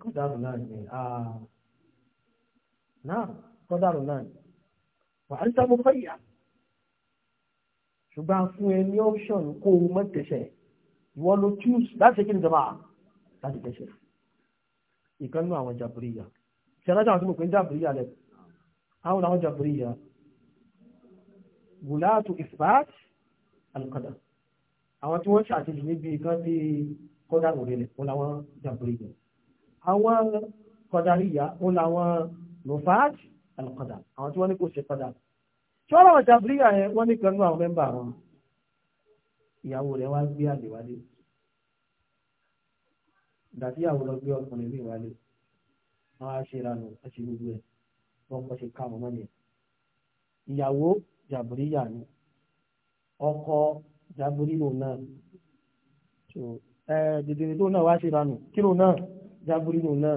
kọ́dà wílò náà ní náà kọ́dàrú náà wà á ń sábò fẹ́yà ṣùgbọ́n fún ẹ ní option kó o mọ́ tẹ̀sẹ̀ ìwọ ló choose láti ṣe kí ni jọba láti tẹ̀sẹ̀ ìkan nú àwọn jàbúríyà ṣe alájà àwọn tí mo pè ń jàbúríyà lẹ àwọn àwọn jàbúríyà gùlátù ìfàt alùkọ́dà àwọn tí wọ́n ṣàtìlù níbi kan bí kọ́dà òrèlè ó làwọn jàbúríyà àwọn kọ́dàríyà ó làwọn nufaj alqadà àwọn tí wọ́n ní kò ṣe padà tí wọ́n lọ́wọ́ jàbíríyà yẹn wọ́n ní kanú àwọn mẹ́mbà wọn ìyàwó rẹ̀ wá gbé àlè wálé ìdàtíyàwó lọ gbé ọkùnrin ní ìwálé wọ́n á ṣe ìranù ẹṣẹ gbogbo ẹ̀ wọ́n kọ́ ṣe ká àwọn mọ́ni ìyàwó jàbíríyà ni ọkọ jàbíríyà náà ẹ̀ẹ́dẹ̀dẹ̀ tó náà wá ṣe ìranù kírò náà jàbíríyà náà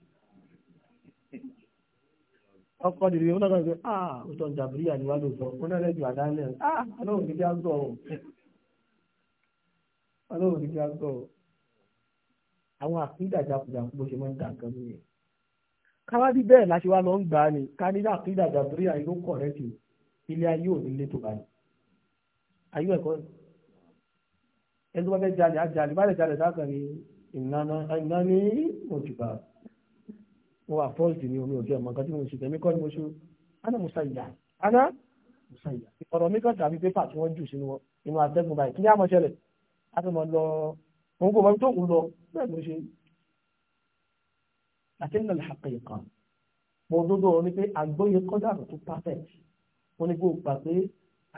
ọkọ̀ dìde wọn náà sọ ah òtọ̀ jàbírí àdìwá ló sọ wọn náà lẹ́jọ́ àdánilẹ̀ ah ọlọ́run ti kí á sọ ọlọ́run ti kí á sọ àwọn àkídà jàpùjàpù bó ṣe máa ń dà nǹkan mú yẹn káwádìí bẹ́ẹ̀ láti wá lọ ń gbà á ni ká ní àkídà jàbírí àyè ló kọ̀ rẹ́tì ilé ayé ò nílé tó báyìí ayé ẹ̀kọ́ ẹni tó bá fẹ́ jalè á jalè bá lè jalè sáà kàn ní ìnáná ìnáná ní òjùbà mo wà fọ́ọ̀tì ni omi òjò ẹ̀mọ́ nǹkan tí mo ṣe tẹ̀mí kọ́ ni mo ṣe ana musa ìyá ana musa ìyá ọ̀rọ̀ mi kàn tàbí pépà tí wọ́n jù sínú inú atẹ́gùn báyìí kí ni àmọ́ ṣẹlẹ̀ a ti mọ lọ òun kò mọ tó kù lọ bẹ́ẹ̀ ló ṣe àti ń lọ àpè kan mo dódó ọ ní pé àgbóyè kọ́dàrú tó perfect mo ní kó gbà pé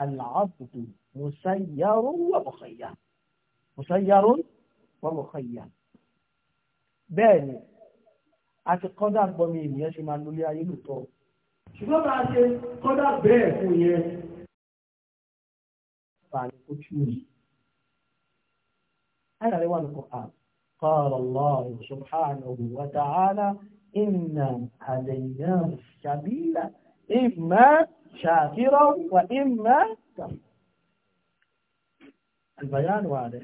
àlàáfùtù musa wà mọ̀ọ́kọ̀ ìyá àti kọ́dà gbọmí ènìyàn ṣe máa lólé ayé lòtọ́ ṣùgbọ́n bá a ṣe kọ́dà bẹ́ẹ̀ fún yẹn fàánì kó tí ó أنا رواه القرآن قال الله سبحانه وتعالى إنا هديناه السبيل إما شاكرا وإما كفورا البيان واضح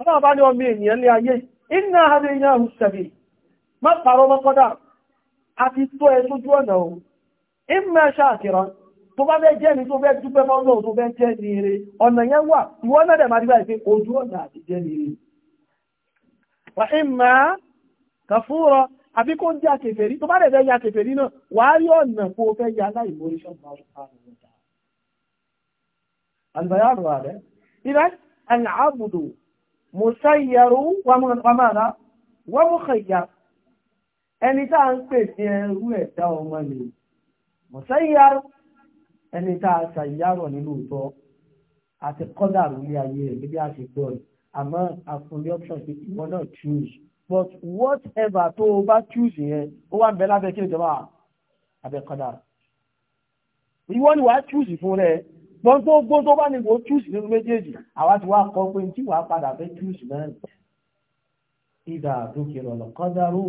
أنا بعد يومين يلي عيه إنا هديناه السبيل má pàrọ̀ mọ́kọ́dá àti tó ẹ sójú ọ̀nà o ìmọ̀ ẹ̀ṣà àkìrọ̀ tó bá bẹ́ jẹ́ ni tó bẹ́ dúpẹ́ mọ́lọ́ tó bẹ́ jẹ́ ni eré ọ̀nà yẹn wà ìwọ́n náà dẹ̀ máa rí báyìí pé ojú ọ̀nà àti jẹ́ ni eré wà ìmọ̀ kàfúrọ̀ àbí kó ń jẹ́ àkèfèrí tó bá ẹni tá à ń pè sí ẹrú ẹ̀dá ọmọ ni mọ̀sáyà ẹni tá a ṣàyàrọ̀ nínú ìtọ́ àti kọ́dà lórí ayé rẹ̀ níbi àti gbọ́ A àmọ́ àfúnlé option pé ìwọ náà choose but whatever tó o bá choose yẹn ó wà ń bẹ lábẹ́ kí ìjọba abẹ́ kọ́dà ìwọ ni wàá choose fún rẹ̀ wọ́n tó gbó tó bá ní kò choose nínú méjèèjì àwa ti wá kọ́ pé tí wàá padà fẹ́ choose náà ìdá àdókè rọ̀ lọ́kọ́dà rúù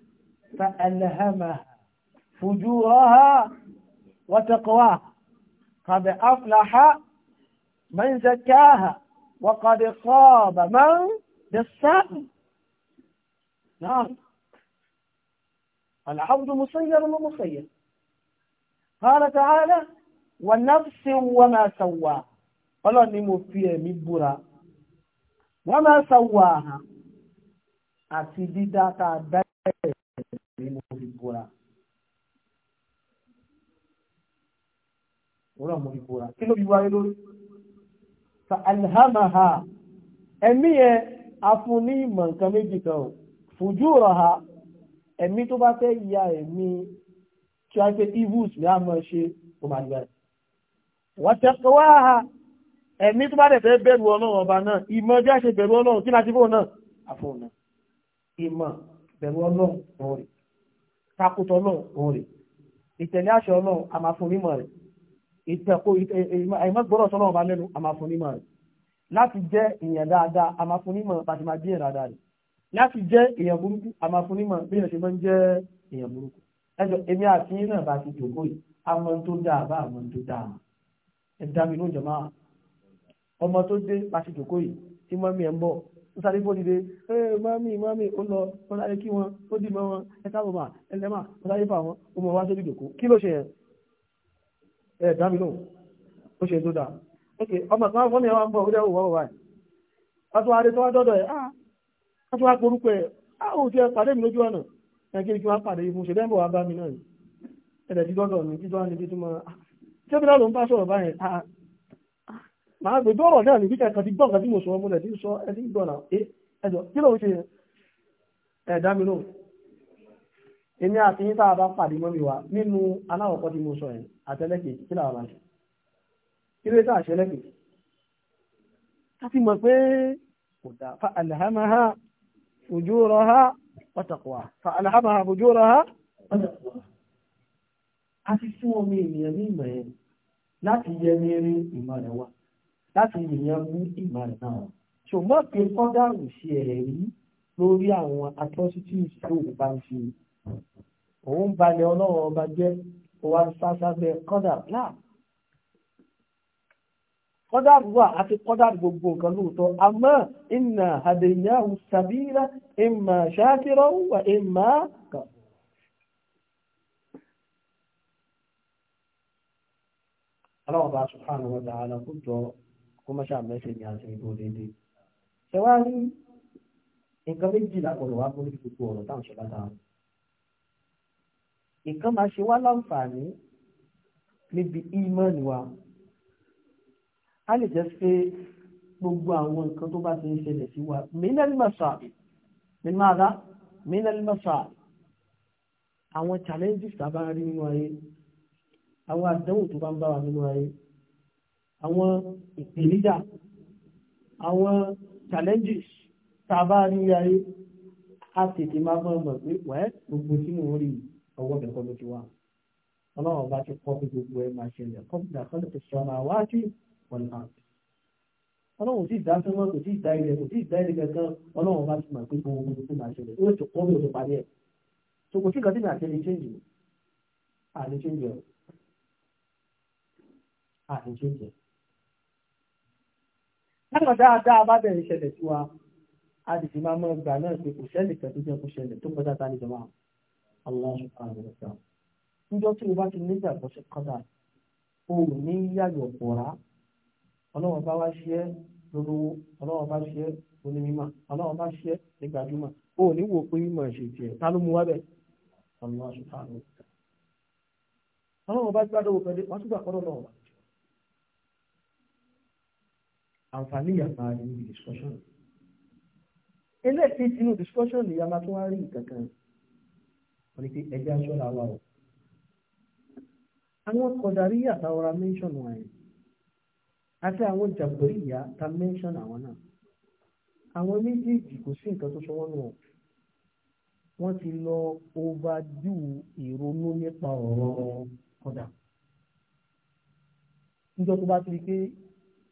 فألهمها فجورها وتقواها قد أفلح من زكاها وقد خاب من دساها نعم العبد مسير ومسير قال تعالى ونفس وما سواها قال أني mo من برا وما سواها máa sọ ni mo fi bora òun mo fi bora kí ló fi wáyé lórí fa alhamaha ẹ̀mí yẹn afun ní ìmọ̀ nǹkan méjì kan o fujuraha ẹ̀mí tó bá fẹ́ ya ẹ̀mí tí wọ́n fẹ́ evils ní a ṣe ó máa gbà wọ́n taqwaha ẹ̀mí tó bá dẹ̀ fẹ́ bẹ̀rù ọlọ́run ọba náà ìmọ̀ bí a ṣe bẹ̀rù ọlọ́run kí láti fóun náà àfóun náà ìmọ̀ bẹ̀rù ọlọ́run lórí takùtọ̀ náà òun rè ìtẹ̀lé àṣẹ náà a máa fún nímọ̀ rẹ̀ ìtẹ̀kù àìmọ́gbọ́rọ̀ sọ́nà ọba lẹ́nu a máa fún nímọ̀ rẹ̀ láti jẹ́ èèyàn dáadáa a máa fún nímọ̀ bá ti máa bí èèyàn dáadáa rẹ̀ láti jẹ́ èèyàn burúkú a máa ṣe máa ń jẹ́ èèyàn burúkú ẹjọ́ èmi àti yín náà bá ti jòkó yìí àmọ́ tó dáa bá àmọ́ tó dáa ẹ̀dá mi ló jọ máa ọmọ tó dé bá ti jòkó yìí tí mọ́mí ẹ̀ ń bọ̀ sáré bó dìde ẹ mami mami ó lọ ó sáré kí wọn ó dì mọ́ wọn ẹ káàbọ̀ mà ẹ lẹ́mà ó sáré fà wọn ó mọ̀ wá sórí ìjòkó kí ló ṣe yẹn ẹ dá mi lóhùn ó ṣe tó dáa ok ọmọ kan fọ́nmi ẹ wá ń bọ̀ ó dẹ́ òwò wọ́wọ́ báyìí wọ́n tún wá dé tó wá dọ́dọ̀ ẹ̀ ah wọ́n tún wá porúkọ ẹ̀ ah òun ti ẹ pàdé mi lójú ọ̀nà ẹ̀ kí ni kí wọ́n pàdé yìí ṣe dẹ́mbọ̀ máa gbèdó ọ̀rọ̀ náà níbi kẹ́kẹ́ ti gbọ́ǹkan tí mo sọ mọ́lẹ̀ tí ń sọ ẹni gbọ́nà ẹjọ́ kí ṣe àti bá pàdé mọ́ mi wá nínú aláwọ̀kọ́ tí mo sọ ẹ̀ àtẹ́lẹ́kì a láti yẹ ní ìmọ̀ rẹ̀ wá láti èèyàn mú ìmọ̀ náà ṣùgbọ́n pé kọ́dà ò ṣe ẹ̀rí lórí àwọn atrocities tó o bá ń ṣe òun balẹ̀ ọlọ́run ọba jẹ́ òwa sásábẹ́ kọ́dà náà kọ́dà wà àti kọ́dà gbogbo nǹkan lóòótọ́ àmọ́ inna hadaynahu sabila imma shakira wa imma kafura. Allah subhanahu wa ta'ala kó jọ kó mọ́ṣà mẹ́sẹ̀ ní àṣẹ ìbò déédéé ṣe wá rí nǹkan méjì lápọ̀lọ̀ wá borí gbogbo ọ̀rọ̀ táwọn ṣe látara nǹkan máa ṣe wá láǹfààní níbi ìmọ̀ọ́nì wa a lè jẹ́ pé gbogbo àwọn nǹkan tó bá ti ń ṣẹlẹ̀ sí wa mílẹ̀lì mọ̀ṣáàbì nínú ara mílẹ̀lì mọ̀ṣáàbì àwọn challenges tá a bá rí nínú ayé àwọn àdánwò tó bá ń bá wa nínú ayé àwọn ìpèníjà àwọn challenges tàbá rí ayé a tètè máa mọ́ mọ̀ pé wẹ́ gbogbo tí mo rí ọwọ́ ìdẹ̀kọ́ ló ti wà ọlọ́run bá ti kọ́ bí gbogbo ẹ máa ṣẹlẹ̀ kọ́pútà kọ́lẹ̀ tó ṣe ọmọ àwájú wọn náà ọlọ́run sì dá sọ́mọ́ kò sí ìdá ilẹ̀ kò sí ìdá ilẹ̀ kankan ọlọ́run bá ti mọ̀ pé so kò sí nǹkan tí mi àti ẹni change àti change ọ̀ àti change lọ́nà dáadáa bá bẹ̀rẹ̀ ìṣẹ̀lẹ̀ sí wa a sì fi máa mọ́ ìgbà náà pé kò ṣẹlẹ̀ kan tó jẹ́ kó ṣẹlẹ̀ tó kọjá ta níjọba Allah subhanahu wa ta'ala níjọ́ tí o bá ti ní ìgbàgbọ́ sí kọ́dà o ò ní yàyọ̀ pọ̀rá ọlọ́wọ́n bá wá ṣe é lólówó ọlọ́wọ́n bá ṣe é onímọ̀ ọlọ́wọ́n bá ṣe é ní gbajúmọ̀ o àǹfààní ìyàpá rẹ̀ níbi discussion. eléyìí inú discussion ni a máa tún wá rí kankan wọ́n ní pé ẹjẹ́ aṣọ́ra wa o. àwọn kọ̀dàrí yàtà ọ̀rá mention wọn yẹn àti àwọn jàǹbọ̀rí ìyá ta mention àwọn náà àwọn méjèèjì kò sí nǹkan tó sọ wọ́n náà wọ́n ti lọ overdo ìrònú nípa ọ̀rọ̀ kọ̀dà. níjọ́ tó bá ti rí pé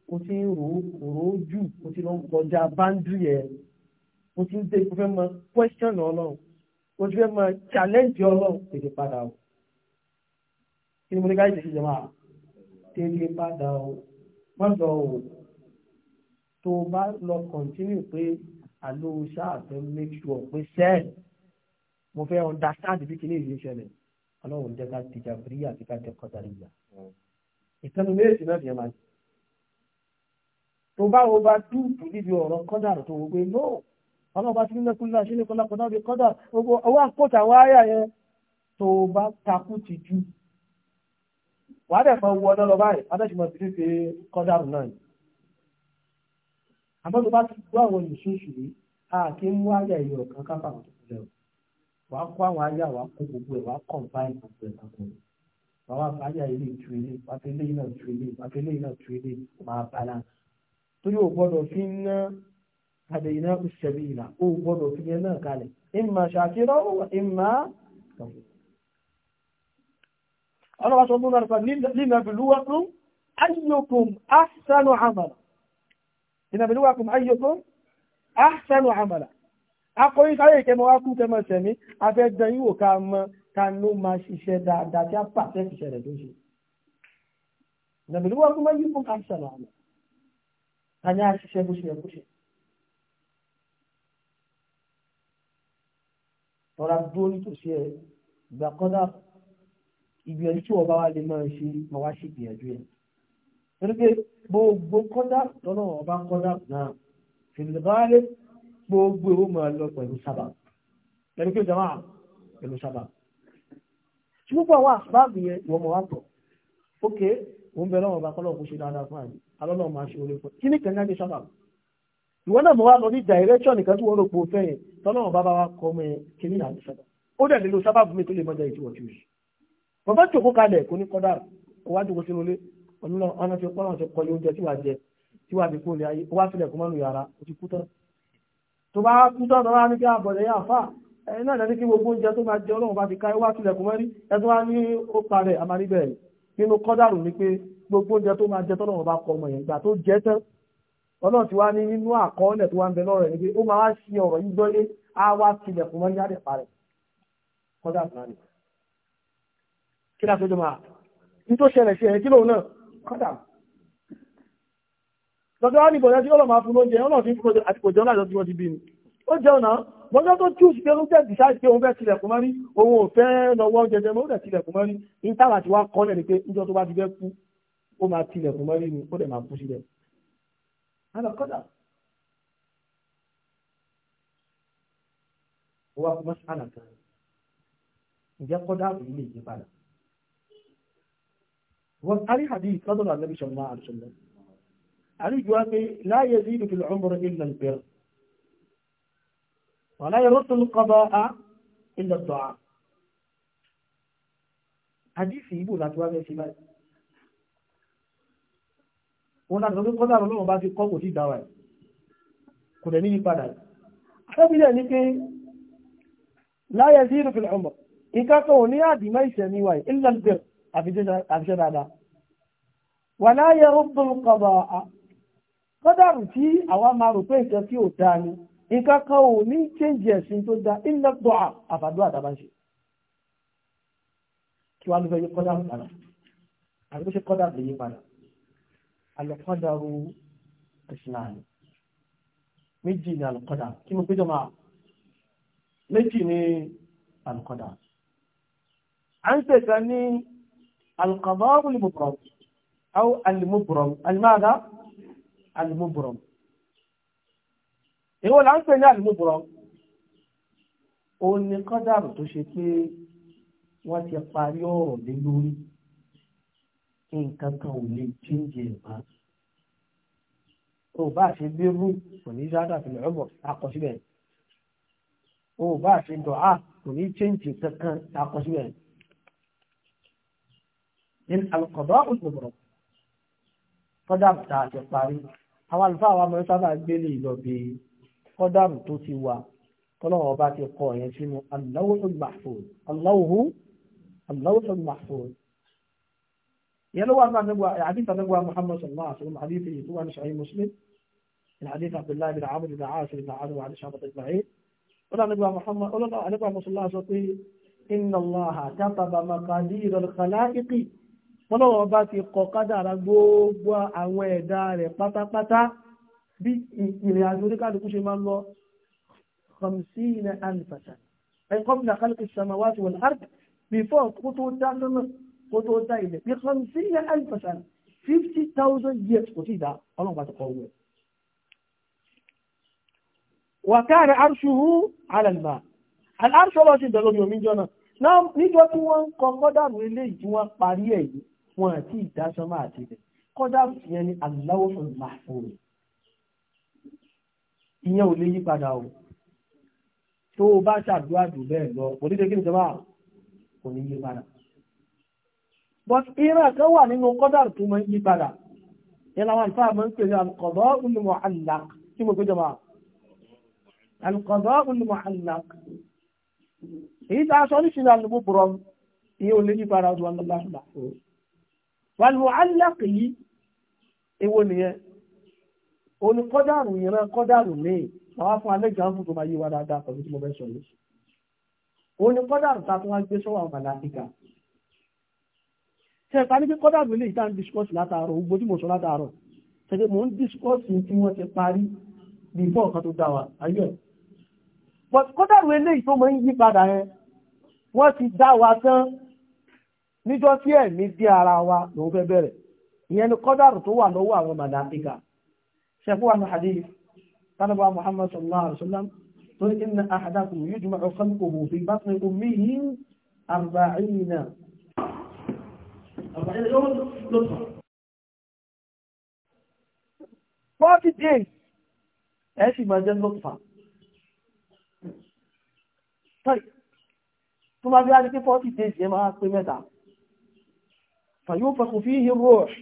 o ti ń rò rò jù o ti lọ kọjá báńdìrì ẹ o ti ń dé o fẹ́ mọ question ọlọ́run o ti fẹ́ mọ challenge ọlọ́run tètè padà o kí ni mo ní ká ìṣèṣì jọ máa tètè padà o wọ́n lọ o tó o bá lọ continue pé àlọ́ ṣáà fẹ́ make sure pé sẹ́ẹ̀ mo fẹ́ understand bí kìíní ìlú ṣẹlẹ̀ ọlọ́run jẹ́ ká tìjà bírí àti ká jẹ́ kọ́tà nígbà ìtẹnu méjì náà fi ẹ̀ máa jẹ́ tó bá wo bá dúdú níbi ọ̀rọ̀ kọ́dàrà tó wọ́gbé no ọlọ́ba tí nílẹ̀ kúnlẹ̀ ṣe lè kọ́lá kọ́dà bí kọ́dà gbogbo ọwọ́ àpótà àwọn àyà yẹn tó bá takú ti jù wàá dẹ̀ fọ́ wọ́n lọ́lọ́ báyìí adẹ́sìmọ̀ ti fi kọ́dàrà náà yìí àmọ́ tó bá ti gbọ́ àwọn ìṣoṣù yìí a kì í mú àyà ìyọ̀ kan kápá àwọn tó kúlẹ̀ wàá kó àwọn àyà wàá kó gbogbo ẹ̀ wàá kọ̀ǹfàì gbogbo ẹ̀ kankan wàá wá àyà ilé ìtú ilé wàá fi ilé náà tú ilé wàá fi ilé náà tú ilé máa balance torí o gbọ́dọ̀ fi ń ná àdèyìnà òṣèlú ìlà o gbọ́dọ̀ fi yẹn náà kalẹ̀ ìmà ṣàkírọ́ ìmà kàfẹ́. ọlọ́wà sọ fún àrùkọ lìnàbìlúwàkùn ayyukum ahsanu amala lìnàbìlúwàkùn ayyukum ahsanu amala akọrin sáré ìkẹmọ wá kú kẹmọ sẹmí afẹgbẹ yíwò ká mọ ká ló máa ṣiṣẹ́ dáadáa tí a pàṣẹ ìṣẹ̀lẹ̀ tó ṣe lìnàbìlúwàkùn ayyukum ahsanu amala a ní àṣìṣe bó ṣe yẹ kó ṣe. ọ̀rá dúró nítòsí ẹ̀ ìgbà kọ́dà ìgbìyànjú tí ọba wa lè máa ṣe máa wá sí ìgbìyànjú ẹ̀. torí pé gbogbo kọ́dà lọ́nà ọba kọ́dà náà fìlìbáálé gbogbo owó máa lọ pẹ̀lú sábà pẹ̀lú pé jama pẹ̀lú sábà. tí púpọ̀ àwọn àṣìbáàbì yẹn wọ́n mọ̀ wá tọ̀ ókè òun bẹ̀rẹ̀ ọba kọ́lọ̀ kó ṣe dáadáa fún àyè alọ́lọ́ máa ṣe orí fún kíní kan jáde ṣọ́nà ìwọ náà mo wá lọ ní direction nìkan tí wọ́n rò pé o fẹ́ bá bá wa kọ́ ọmọ yẹn kíní àti sábà ó dẹ̀ nílò sábàbù mi tó lè mọ́jà ìtìwọ̀ tí o ṣe bàbá jòkó kalẹ̀ kò ní kọ́dà wá jòkó sínú ilé ọ̀nà tí ọ̀nà tí kọ́ oúnjẹ tí wàá jẹ tí wàá fi kó lè ayé wá sílẹ̀ kó mọ́nu yàrá o ti kú tán tó bá kú tán tó bá ní kí àbọ̀dẹ̀ yà fà ẹ̀yin náà ní kí gbogbo oúnjẹ tó máa jẹ ọlọ́run bá ti ká ẹ wá sílẹ̀ kó ẹ tó wá ní ó parẹ́ àmàlí bẹ́ẹ̀ nínú kọ́dàrù ni pé gbogbo oúnjẹ tó máa jẹ tọ́nà ọba kọ ọmọ yẹn gbà tó jẹ tán ọlọ́run ti wá ní nínú àkọọ́lẹ̀ tó wá ń bẹ lọ́rọ̀ ẹ̀ ni pé ó máa wá sí ọ̀rọ̀ yìí gbọ́lé á wá tilẹ̀ fún wọn jáde parẹ́ kọ́dàrù náà ni kí ni àtọ́jọ́ máa ní tó ṣẹlẹ̀ sí ẹ̀ kí lóun náà kọ́dàrù lọ́dọ̀ wá ní ìbọ̀dá mọ́jọ́ tó tí ó sì tẹ́lú tẹ́ dìsáì pé òun fẹ́ tilẹ̀kùn mọ́ ní òun ò fẹ́ lọ́wọ́ jẹjẹ mọ́ ó dẹ̀ tilẹ̀kùn mọ́ ní ní táwa ti wá kọ́lẹ̀ ni pé níjọ́ tó bá ti fẹ́ kú ó máa tilẹ̀kùn mọ́ ní ni ó dẹ̀ máa kú sílẹ̀. alákọ́dà ó wá kú mọ́ sálà kan ǹjẹ́ kọ́dà yìí lè yí padà. wọ́n arí àdí ìtọ́jú náà lẹ́bi sọ̀rọ̀ máa àdùsọ̀rọ̀ wàlá yuruddu al-qada'a illa ad-du'a àdìsí ìbò láti wá fẹ́ sí báyìí wọn láti sọ kọ́dà lọ́wọ́ bá ti kọ́ kò sí ìdáwà ẹ̀ kò dẹ̀ ní yípadà ẹ̀ arábìnrin ní pé láyé sí ìrùfẹ́ ọmọ ìkákọ̀ ò ní àdìmọ́ ìṣẹ̀mí wa illa al-birr àfiṣẹ́ dáadáa wà láyé rúbùn kọ̀bọ̀ kọ́dà tí àwa máa rò pé ìṣẹ́ tí ò dáa ni nǹkan kan ò ní change ẹ̀sìn tó da ilẹ̀ tó à àfàdúrà àtàbà ń ṣe kí wàá ló fẹ́ yí kọ́dà padà àti bó ṣe kọ́dà lè yí padà alẹ́kọ́dà ru ìsìláàmù méjì ni alẹ́kọ́dà kí mo péjọ máa méjì ni alẹ́kọ́dà à ń pèsè ní alùkàbọ́ọ̀rù lè mú bùrọ̀mù àwọn alìmú bùrọ̀mù alìmáàdá alìmú bùrọ̀mù èwo là ń pè ní àlùmọ́bùrọ̀ ó ní kọ́dàrù tó ṣe pé wọ́n ti parí ọ̀rọ̀ lé lórí nǹkan kan ò lè jíǹde ẹ̀bá o bá ṣe gbérú kò ní ṣáádà fìlẹ̀ ọ̀bọ̀ àkọsílẹ̀ o bá ṣe dọ̀á kò ní jíǹde kankan àkọsílẹ̀ ní alùkọ̀dọ̀ òṣùbọ̀rọ̀ kọ́dàrù tá ti parí àwọn àlùfáà wa mọ̀ sábà gbélé ìlọ́bí kọ́dàrù tó ti wà tọ́lọ́wọ́ bá ti kọ yẹn sínú Allahul Mahfuz Allahu Allahul Mahfuz yẹn ló wà ní àdébù àdìsá àdébù Muhammad sallallahu alaihi wa sallam àdìsá yìí tó wà ní sahih Muslim ní àdìsá Abdullahi bin Amr bin Aas bin Aas wa àdìsá Abdullahi bin Aas ó dá àdébù Muhammad ọlọ́dọ̀ àdébù Muhammad sọ pé inna Allaha kataba maqadir al-khalaiq wọ́n lọ́wọ́ bá ti kọ kádàrá gbogbo àwọn ẹ̀dá rẹ̀ pátápátá bí ìrìn àjò oníkàlùkù ṣe máa ń lọ khamsina alifasa ẹni qabla khalqi samawati wal ard before kó tó kó tó dá ilẹ̀ bí khamsina alifasa fifty thousand years kò sí ìdá ọlọ́run bá ti kọ́ wẹ̀. wa kana arshuhu ala al-ma al-arsh ọlọ́sì ìdọ̀lọ́ mi ò mí jọ́nà níjọ́ tí wọ́n ń kọ kọ́dàrú ilé yìí wọ́n parí ẹ̀ wọn àti ìdásánmà àti ilẹ̀ kọ́dàrú yẹn ni aláwọ̀ fún màfúrù ìyẹn ò lè yí padà o tó o bá ṣàdúrà jù bẹ́ẹ̀ lọ kò ní ṣe kí ni jọba kò ní yí padà but ìran kan wà nínú kọ́dà tó máa ń yí padà yẹn àwọn àlùfáà máa ń pè ní alùkọ̀dọ́ olùmọ̀ àlàk tí mo gbéjọba alùkọ̀dọ́ olùmọ̀ àlàk èyí tá a ní ṣìlá lùmọ̀ bùrọ̀ ìyẹn ò lè yí padà ọdún wọn lọ́lá òun ni kọ́dàrù ìran kọ́dàrù míì àwọn fún alẹ́gbàmù tó máa yí wa dáadáa pẹ̀lú tí mo fẹ́ sọ yìí òun ni kọ́dàrù ta tún wá gbé sọ́wọ́ àwọn màláìkà ṣe ìparí pé kọ́dàrù ilé ìta discourse látàárọ̀ gbogbo tí sọ látàárọ̀ ṣe mo ń discourse tí wọ́n ti parí bí bọ́ nǹkan tó dá wa ayé but kọ́dàrù ilé ìtó mọ́ ń yí padà yẹn wọ́n ti dá wa tán níjọ́ tí ẹ̀mí dí ara wa lòun fẹ́ bẹ̀rẹ̀ ìyẹn ni kọ́dàrù tó wà lọ́wọ́ àwọn màláìkà شافوا عن حديث قال أبو محمد صلى الله عليه وسلم قل إن أحدكم يجمع خلقه في بطن أمه أربعين أربعين يوم لطفة فاكي دين أشي إيه؟ ما جن لطفة طيب ثم في هذه الفاتي تيز يما قيمتها فيوفق فيه الروح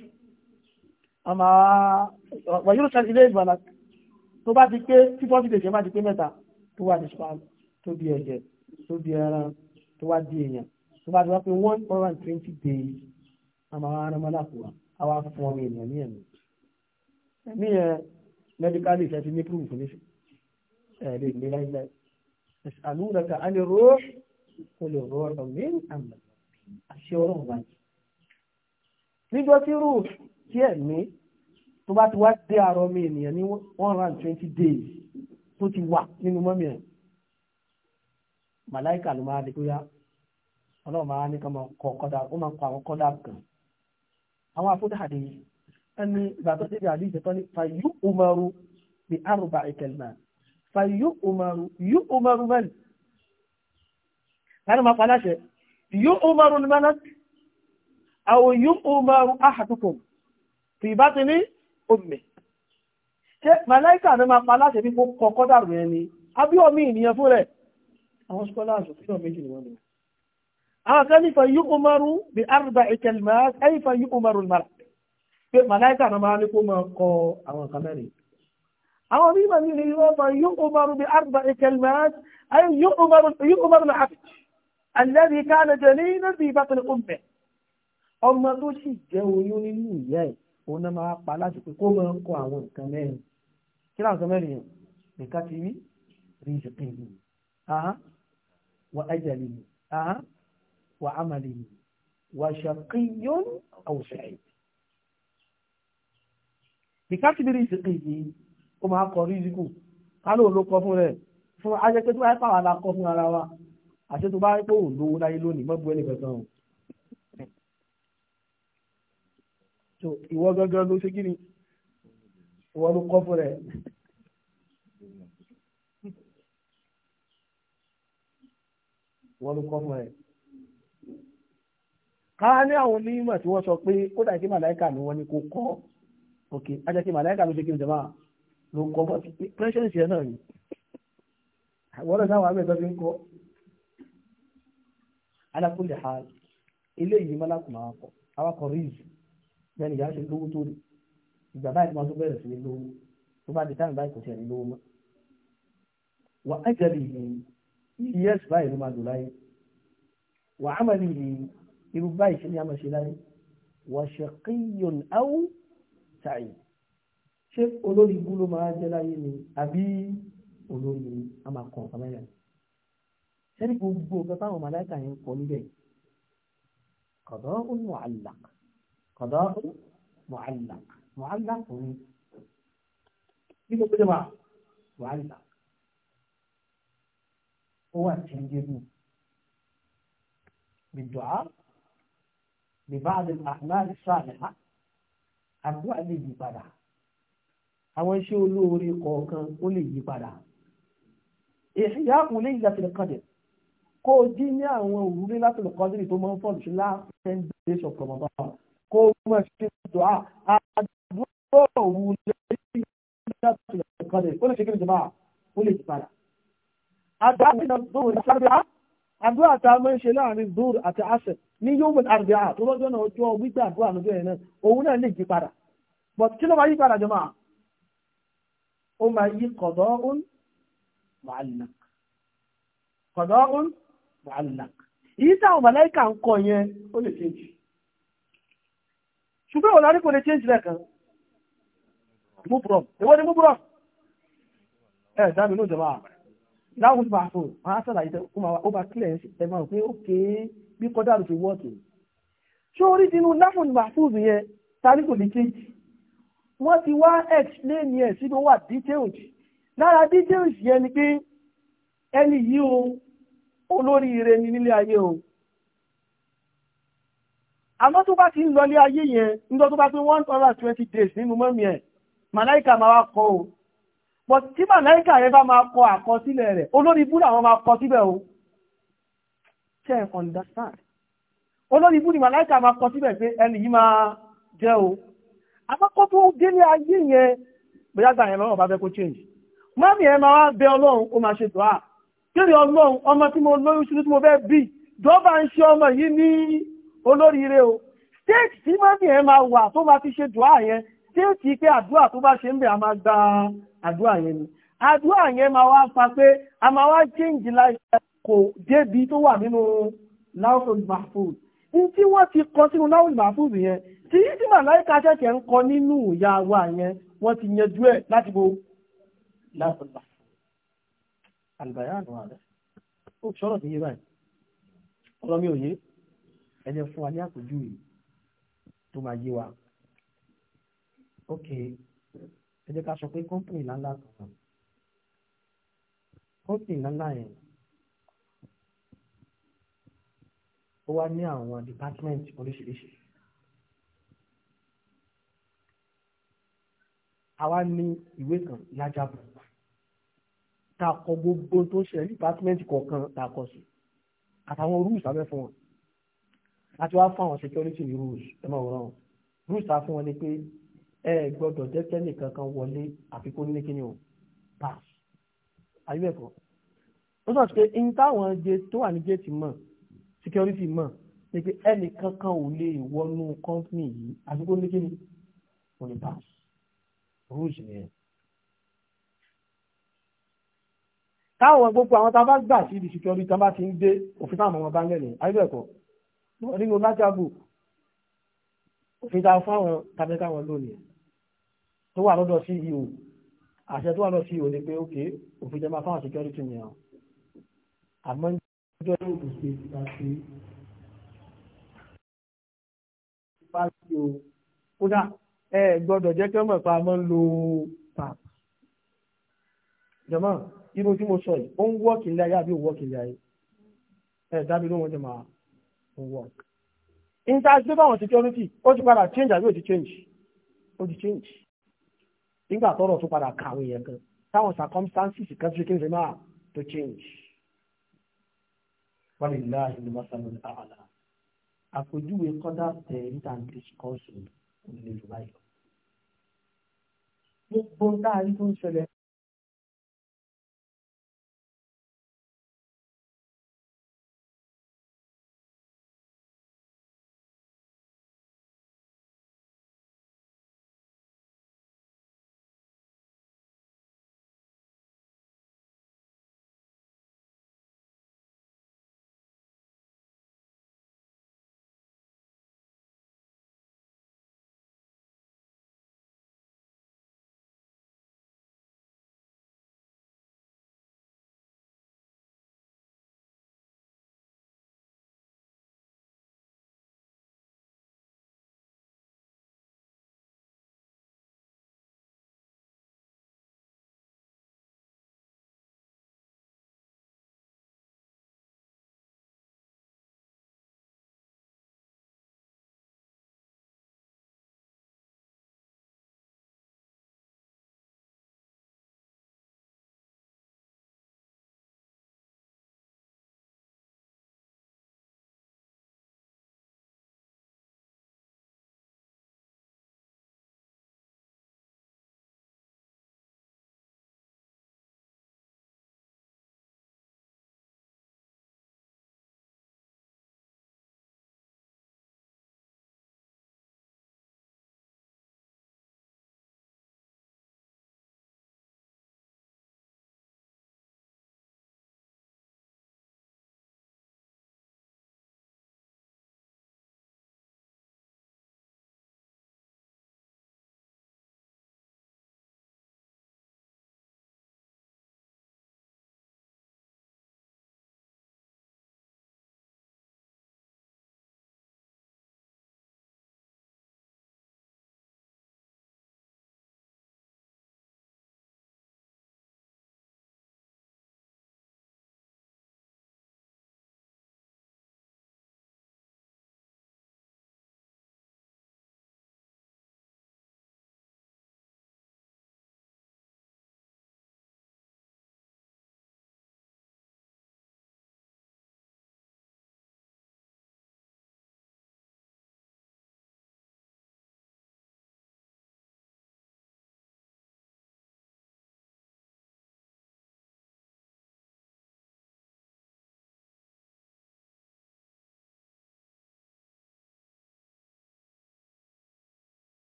àmà wàyúrò sẹ́ni ilé ìgbàlá tó bá ti pé fífọ́ sí lèṣẹ́ bá ti pé mẹ́ta tó wà ní spam tó di ẹ̀jẹ̀ tó di ẹran tó wá di èèyàn tó bá ti wá pé one hundred and twenty days àmà àwọn arámọ́lá kò wá àwa fún ọmọ ènìyàn ní ẹ̀mí ẹ̀mí yẹn mẹ́díkálì ìfẹ́ ti ní Proof. fún níṣẹ́ ẹ̀rẹ́ ìlú láíláí ẹ̀sàlúrẹ̀ka a lè rọ́ o lè rọ́ ọ̀rọ̀ mẹ́rin àmì àṣẹ ọlọ́run tí rúùsù tí ẹ̀mí tó bá ti wá dé àrọ mi ènìyàn ní one hundred and twenty days tó ti wà nínú mọ́mí ẹ̀ màláìkà ló máa di pé yá ọlọ́run máa ní kọ́mọ kọ́ kọ́dà ó máa ń kọ́ àwọn kọ́dà kan àwọn afúdáàdì ẹni ìgbà tó débi àdí ìṣẹ́tọ́ ní fàyú umaru bí arúbà ìkẹlẹ̀ fàyú umaru yú umaru mẹ́lì láti máa paláṣẹ yú umaru mẹ́lì àwọn yú umaru ahadukum fi bá ti ní omi ṣe mẹ́láìkà ní ma pa láti bí kó kọ́dà rẹ̀ ni abíọ́mí ìnìyàn fún rẹ̀ àwọn scholars òfin náà méjì wọn nìyàn àwọn kan ní fàyí umaru bí arba ìkẹlmà ẹ̀yí fàyí umaru mara pé mẹ́láìkà ní ma ní kó máa kọ àwọn kan mẹ́rin àwọn bí ma ní ní wọ́n fàyí umaru bí arba ìkẹlmà ká na ní ní bí bá ọmọ tó sì jẹ́ oyún nínú ìyá ẹ̀ òun náà máa pa láti pé kó máa ń kọ àwọn nǹkan mẹ́rin kí láwọn nǹkan mẹ́rin nìkan ti rí rizqihi wa ajalihi wa amalihi wa shaqiyyun aw sa'id nìkan ti rí rizqihi ó máa kọ rízìkù kálò ló kọ fún rẹ̀ fún ajẹ́ tó bá pàwọ́ la kọ fún ara wa àti tó bá pé òun lówó láyé lónìí mọ́ bu ẹnì kankan o tó ìwọ gangan ló ṣe kíni ìwọ ló kọ́ fún rẹ̀. ìwọ ló kọ́ fún rẹ̀. ká ní àwọn onímọ̀ tí wọ́n sọ pé ó dà kí màláìkà ni wọ́n ní kó kọ́ òkè ajá kí màláìkà ló ṣe kíni jọba ló kọ́ fún rẹ̀ pẹ́ṣẹ́ǹsì ẹ̀ náà yìí àwọn ọ̀sán wà mẹ́ta fi ń kọ́ alákùnlé ha ilé ìyí mọ́lákùnmọ́ àwakọ̀ rízù bẹ́ẹ̀ nìyá ṣe lówó tó rí ìgbà báyìí máa tó bẹ̀rẹ̀ sí ní lówó tó bá di táwọn báyìí kò tiẹ̀ ní lówó mọ́. wà á jẹ̀lì yìí yes báyìí ló máa lò láyé wà á mọ̀lì yìí irú báyìí ṣe ni a máa ṣe láyé wà ṣèkíyàn áwù tàyè ṣé olórí ibú ló máa jẹ́ láyé ni àbí olórí ni a máa kọ̀ ọ̀kan mẹ́rin sẹ́ni gbogbo ọ̀gá táwọn màláìka yẹn kọ níbẹ̀ kọ̀dọ̀ ó nù àlàkà قضاء معلق معلق nínú pé máa wàhálà ó wà tí ń gẹ́gù bìdùá bìbáàdì àmàlì sàlẹ̀há àdúrà lè yí padà àwọn iṣẹ́ olóore kọ̀ọ̀kan ó lè yí padà ìyá àkùnlé ìlàtìlẹ̀ kọ́dẹ̀ kó o jí ní àwọn òwúrẹ́ látìlẹ̀ kọ́dẹ̀ tó máa ń fọ́ọ̀lù sí láàpẹ́ ń gbé sọ̀kọ̀ mọ́bá kó mọ̀ ṣe tó à àdúgbò òun lẹ́yìn ìdájọ́ ìkọlẹ̀ ó lè ṣe kí ni jọba ó lè jìpadà. àdúrà tá a máa ń ṣe láàrin zoro àti asẹ̀ ní yóò àrùbíà tó lọ́jọ́ náà ọjọ́ gbígbà àdúrà lọ́jọ́ yẹn náà òun náà lè jìpadà. but kí ló máa yípadà jọba ó máa yí kọ̀dọ̀ òun màálùnà kọ̀dọ̀ òun màálùnà. èyí táwọn màláìkà ń kọ yẹn ó lè ṣe jù ṣùgbọ́n wọ́n lárí kò lè change lẹ́kan múbùrọ̀m ìwọ́n ni múbùrọ̀m ẹ̀ dámi ló jọba láwọn ti máa fún máa sọ̀rọ̀ àyíká ó máa ó bá clear ẹ̀ máa pé ókè bí kọ́dá rò fi wọ́ọ̀kì ṣé orí tinú láfún máa fún mi yẹn tàbí kò lè change wọ́n ti wá explain yẹn sí ló wà detailed lára details yẹn ni pé ẹni yìí o olóríire nílé ayé o àmọ́ tó bá ti ń lọlé ayé yẹn nígbọ́ tó bá pé one hundred twenty days nínú mọ́mí ẹ̀ màláìkà máa wá kọ o but tí màláìkà yẹn bá máa kọ àkọsílẹ̀ rẹ̀ olórí ibú làwọn máa kọ síbẹ̀ o ṣe é understand olórí ibú ni màláìkà máa kọ síbẹ̀ pé ẹni yìí máa jẹ́ o àkọ́kọ́ tó délé ayé yẹn bóyá gbà yẹn lọ́wọ́ bá fẹ́ kó change mọ́mí ẹ̀ máa wá bẹ ọlọ́run ó máa ṣe dùá kí ni ọlọ́run ọmọ tí mo lóyún ṣubú tí mo fẹ́ bí dọ́bà ń ṣe ọmọ yìí ní olóríire o stéètì tí mọ́mí ẹ máa wà tó máa fi ṣe dùá yẹn stéètì pé àdúà tó bá ṣe ń bẹ̀ a máa gba àdúà yẹn ni àdúà yẹn máa wá fa pé a máa wá change life kò débi tó wà nínú láwùsọ̀ mahfuz ní tí wọ́n ti kọ sínú láwùsọ̀ mahfuz yẹn tí tí màláìka ṣẹ̀ṣẹ̀ ń kọ nínú ìyá wa yẹn wọ́n ti yanjú ẹ̀ láti bo láwùsọ̀ mahfuz àlùbáyà àdúrà rẹ̀ ó sọ̀rọ̀ sí yé báyìí ọ̀rọ̀ mi ò ẹjẹ fún wa ní àpèjúwe tó máa yé wa ok ẹ jẹ́ ká sọ pé kọ́ńpìnì ńláńlá kan kọ́ńpìnì ńláńlá yẹn ó wá ní àwọn department oríṣiríṣi àwa ní ìwé kan lájàbọ̀ tá a kọ gbogbo tó ṣe department kọ̀ọ̀kan tá a kọ sí àtàwọn rules abẹ́ fún wọn àti wá fún àwọn security rules ẹ máa wòran rules ta fún wọn ni pé ẹ gbọ́dọ̀ jẹ́kẹ́ nìkan kan wọlé àfi kó ní kíni o pass ayúbẹ̀kọ́ ó sọ pé n táwọn jẹ tó wà ní géètì mọ̀ security mọ̀ ni pé ẹnì kankan ò lè wọnú company yìí àfi kó ní kíni o ní pass rules nìyẹn. táwọn gbogbo àwọn tá a bá gbà sí ibi security tá a bá ti ń dé òfin táwọn ọmọ bá ń lẹ̀ nìyẹn ayúbẹ̀kọ́ wọ́n ní mo bá jábù fáwọn tàbíkà wọn lónìí tó wà lọ́dọ̀ sí ihò e àṣẹ tó wà lọ́dọ̀ sí ihò e ni pé ókè òfin máa fáwọn security ni ọ àmọ́ ìjọ yóò kù sí ìta sí pàṣẹ o kódà ẹ gbọ́dọ̀ jẹ́ kí wọ́n mọ̀ pé a ń lo pap jọmọ́ irú tí mo sọ yìí ó ń wọ́ọ̀kì ilé ayé àbí òwọ́ọ̀kì ilé ayé ẹ dábìlú wọn jẹ máa work. fact bá wọn security ó ti padà change àbí ó ti change ó ti change. Nígbà tọ́rọ̀ tó padà kàwé yẹn kan táwọn circumstances kan fi máa to change. Wọ́n lè lá ìlú Mọ́sálù àlá. Àpèjúwe kọ́dà tẹ̀ intern discourse ní ìlú báyìí. Gbogbo ń dáa rí tó ń ṣẹlẹ̀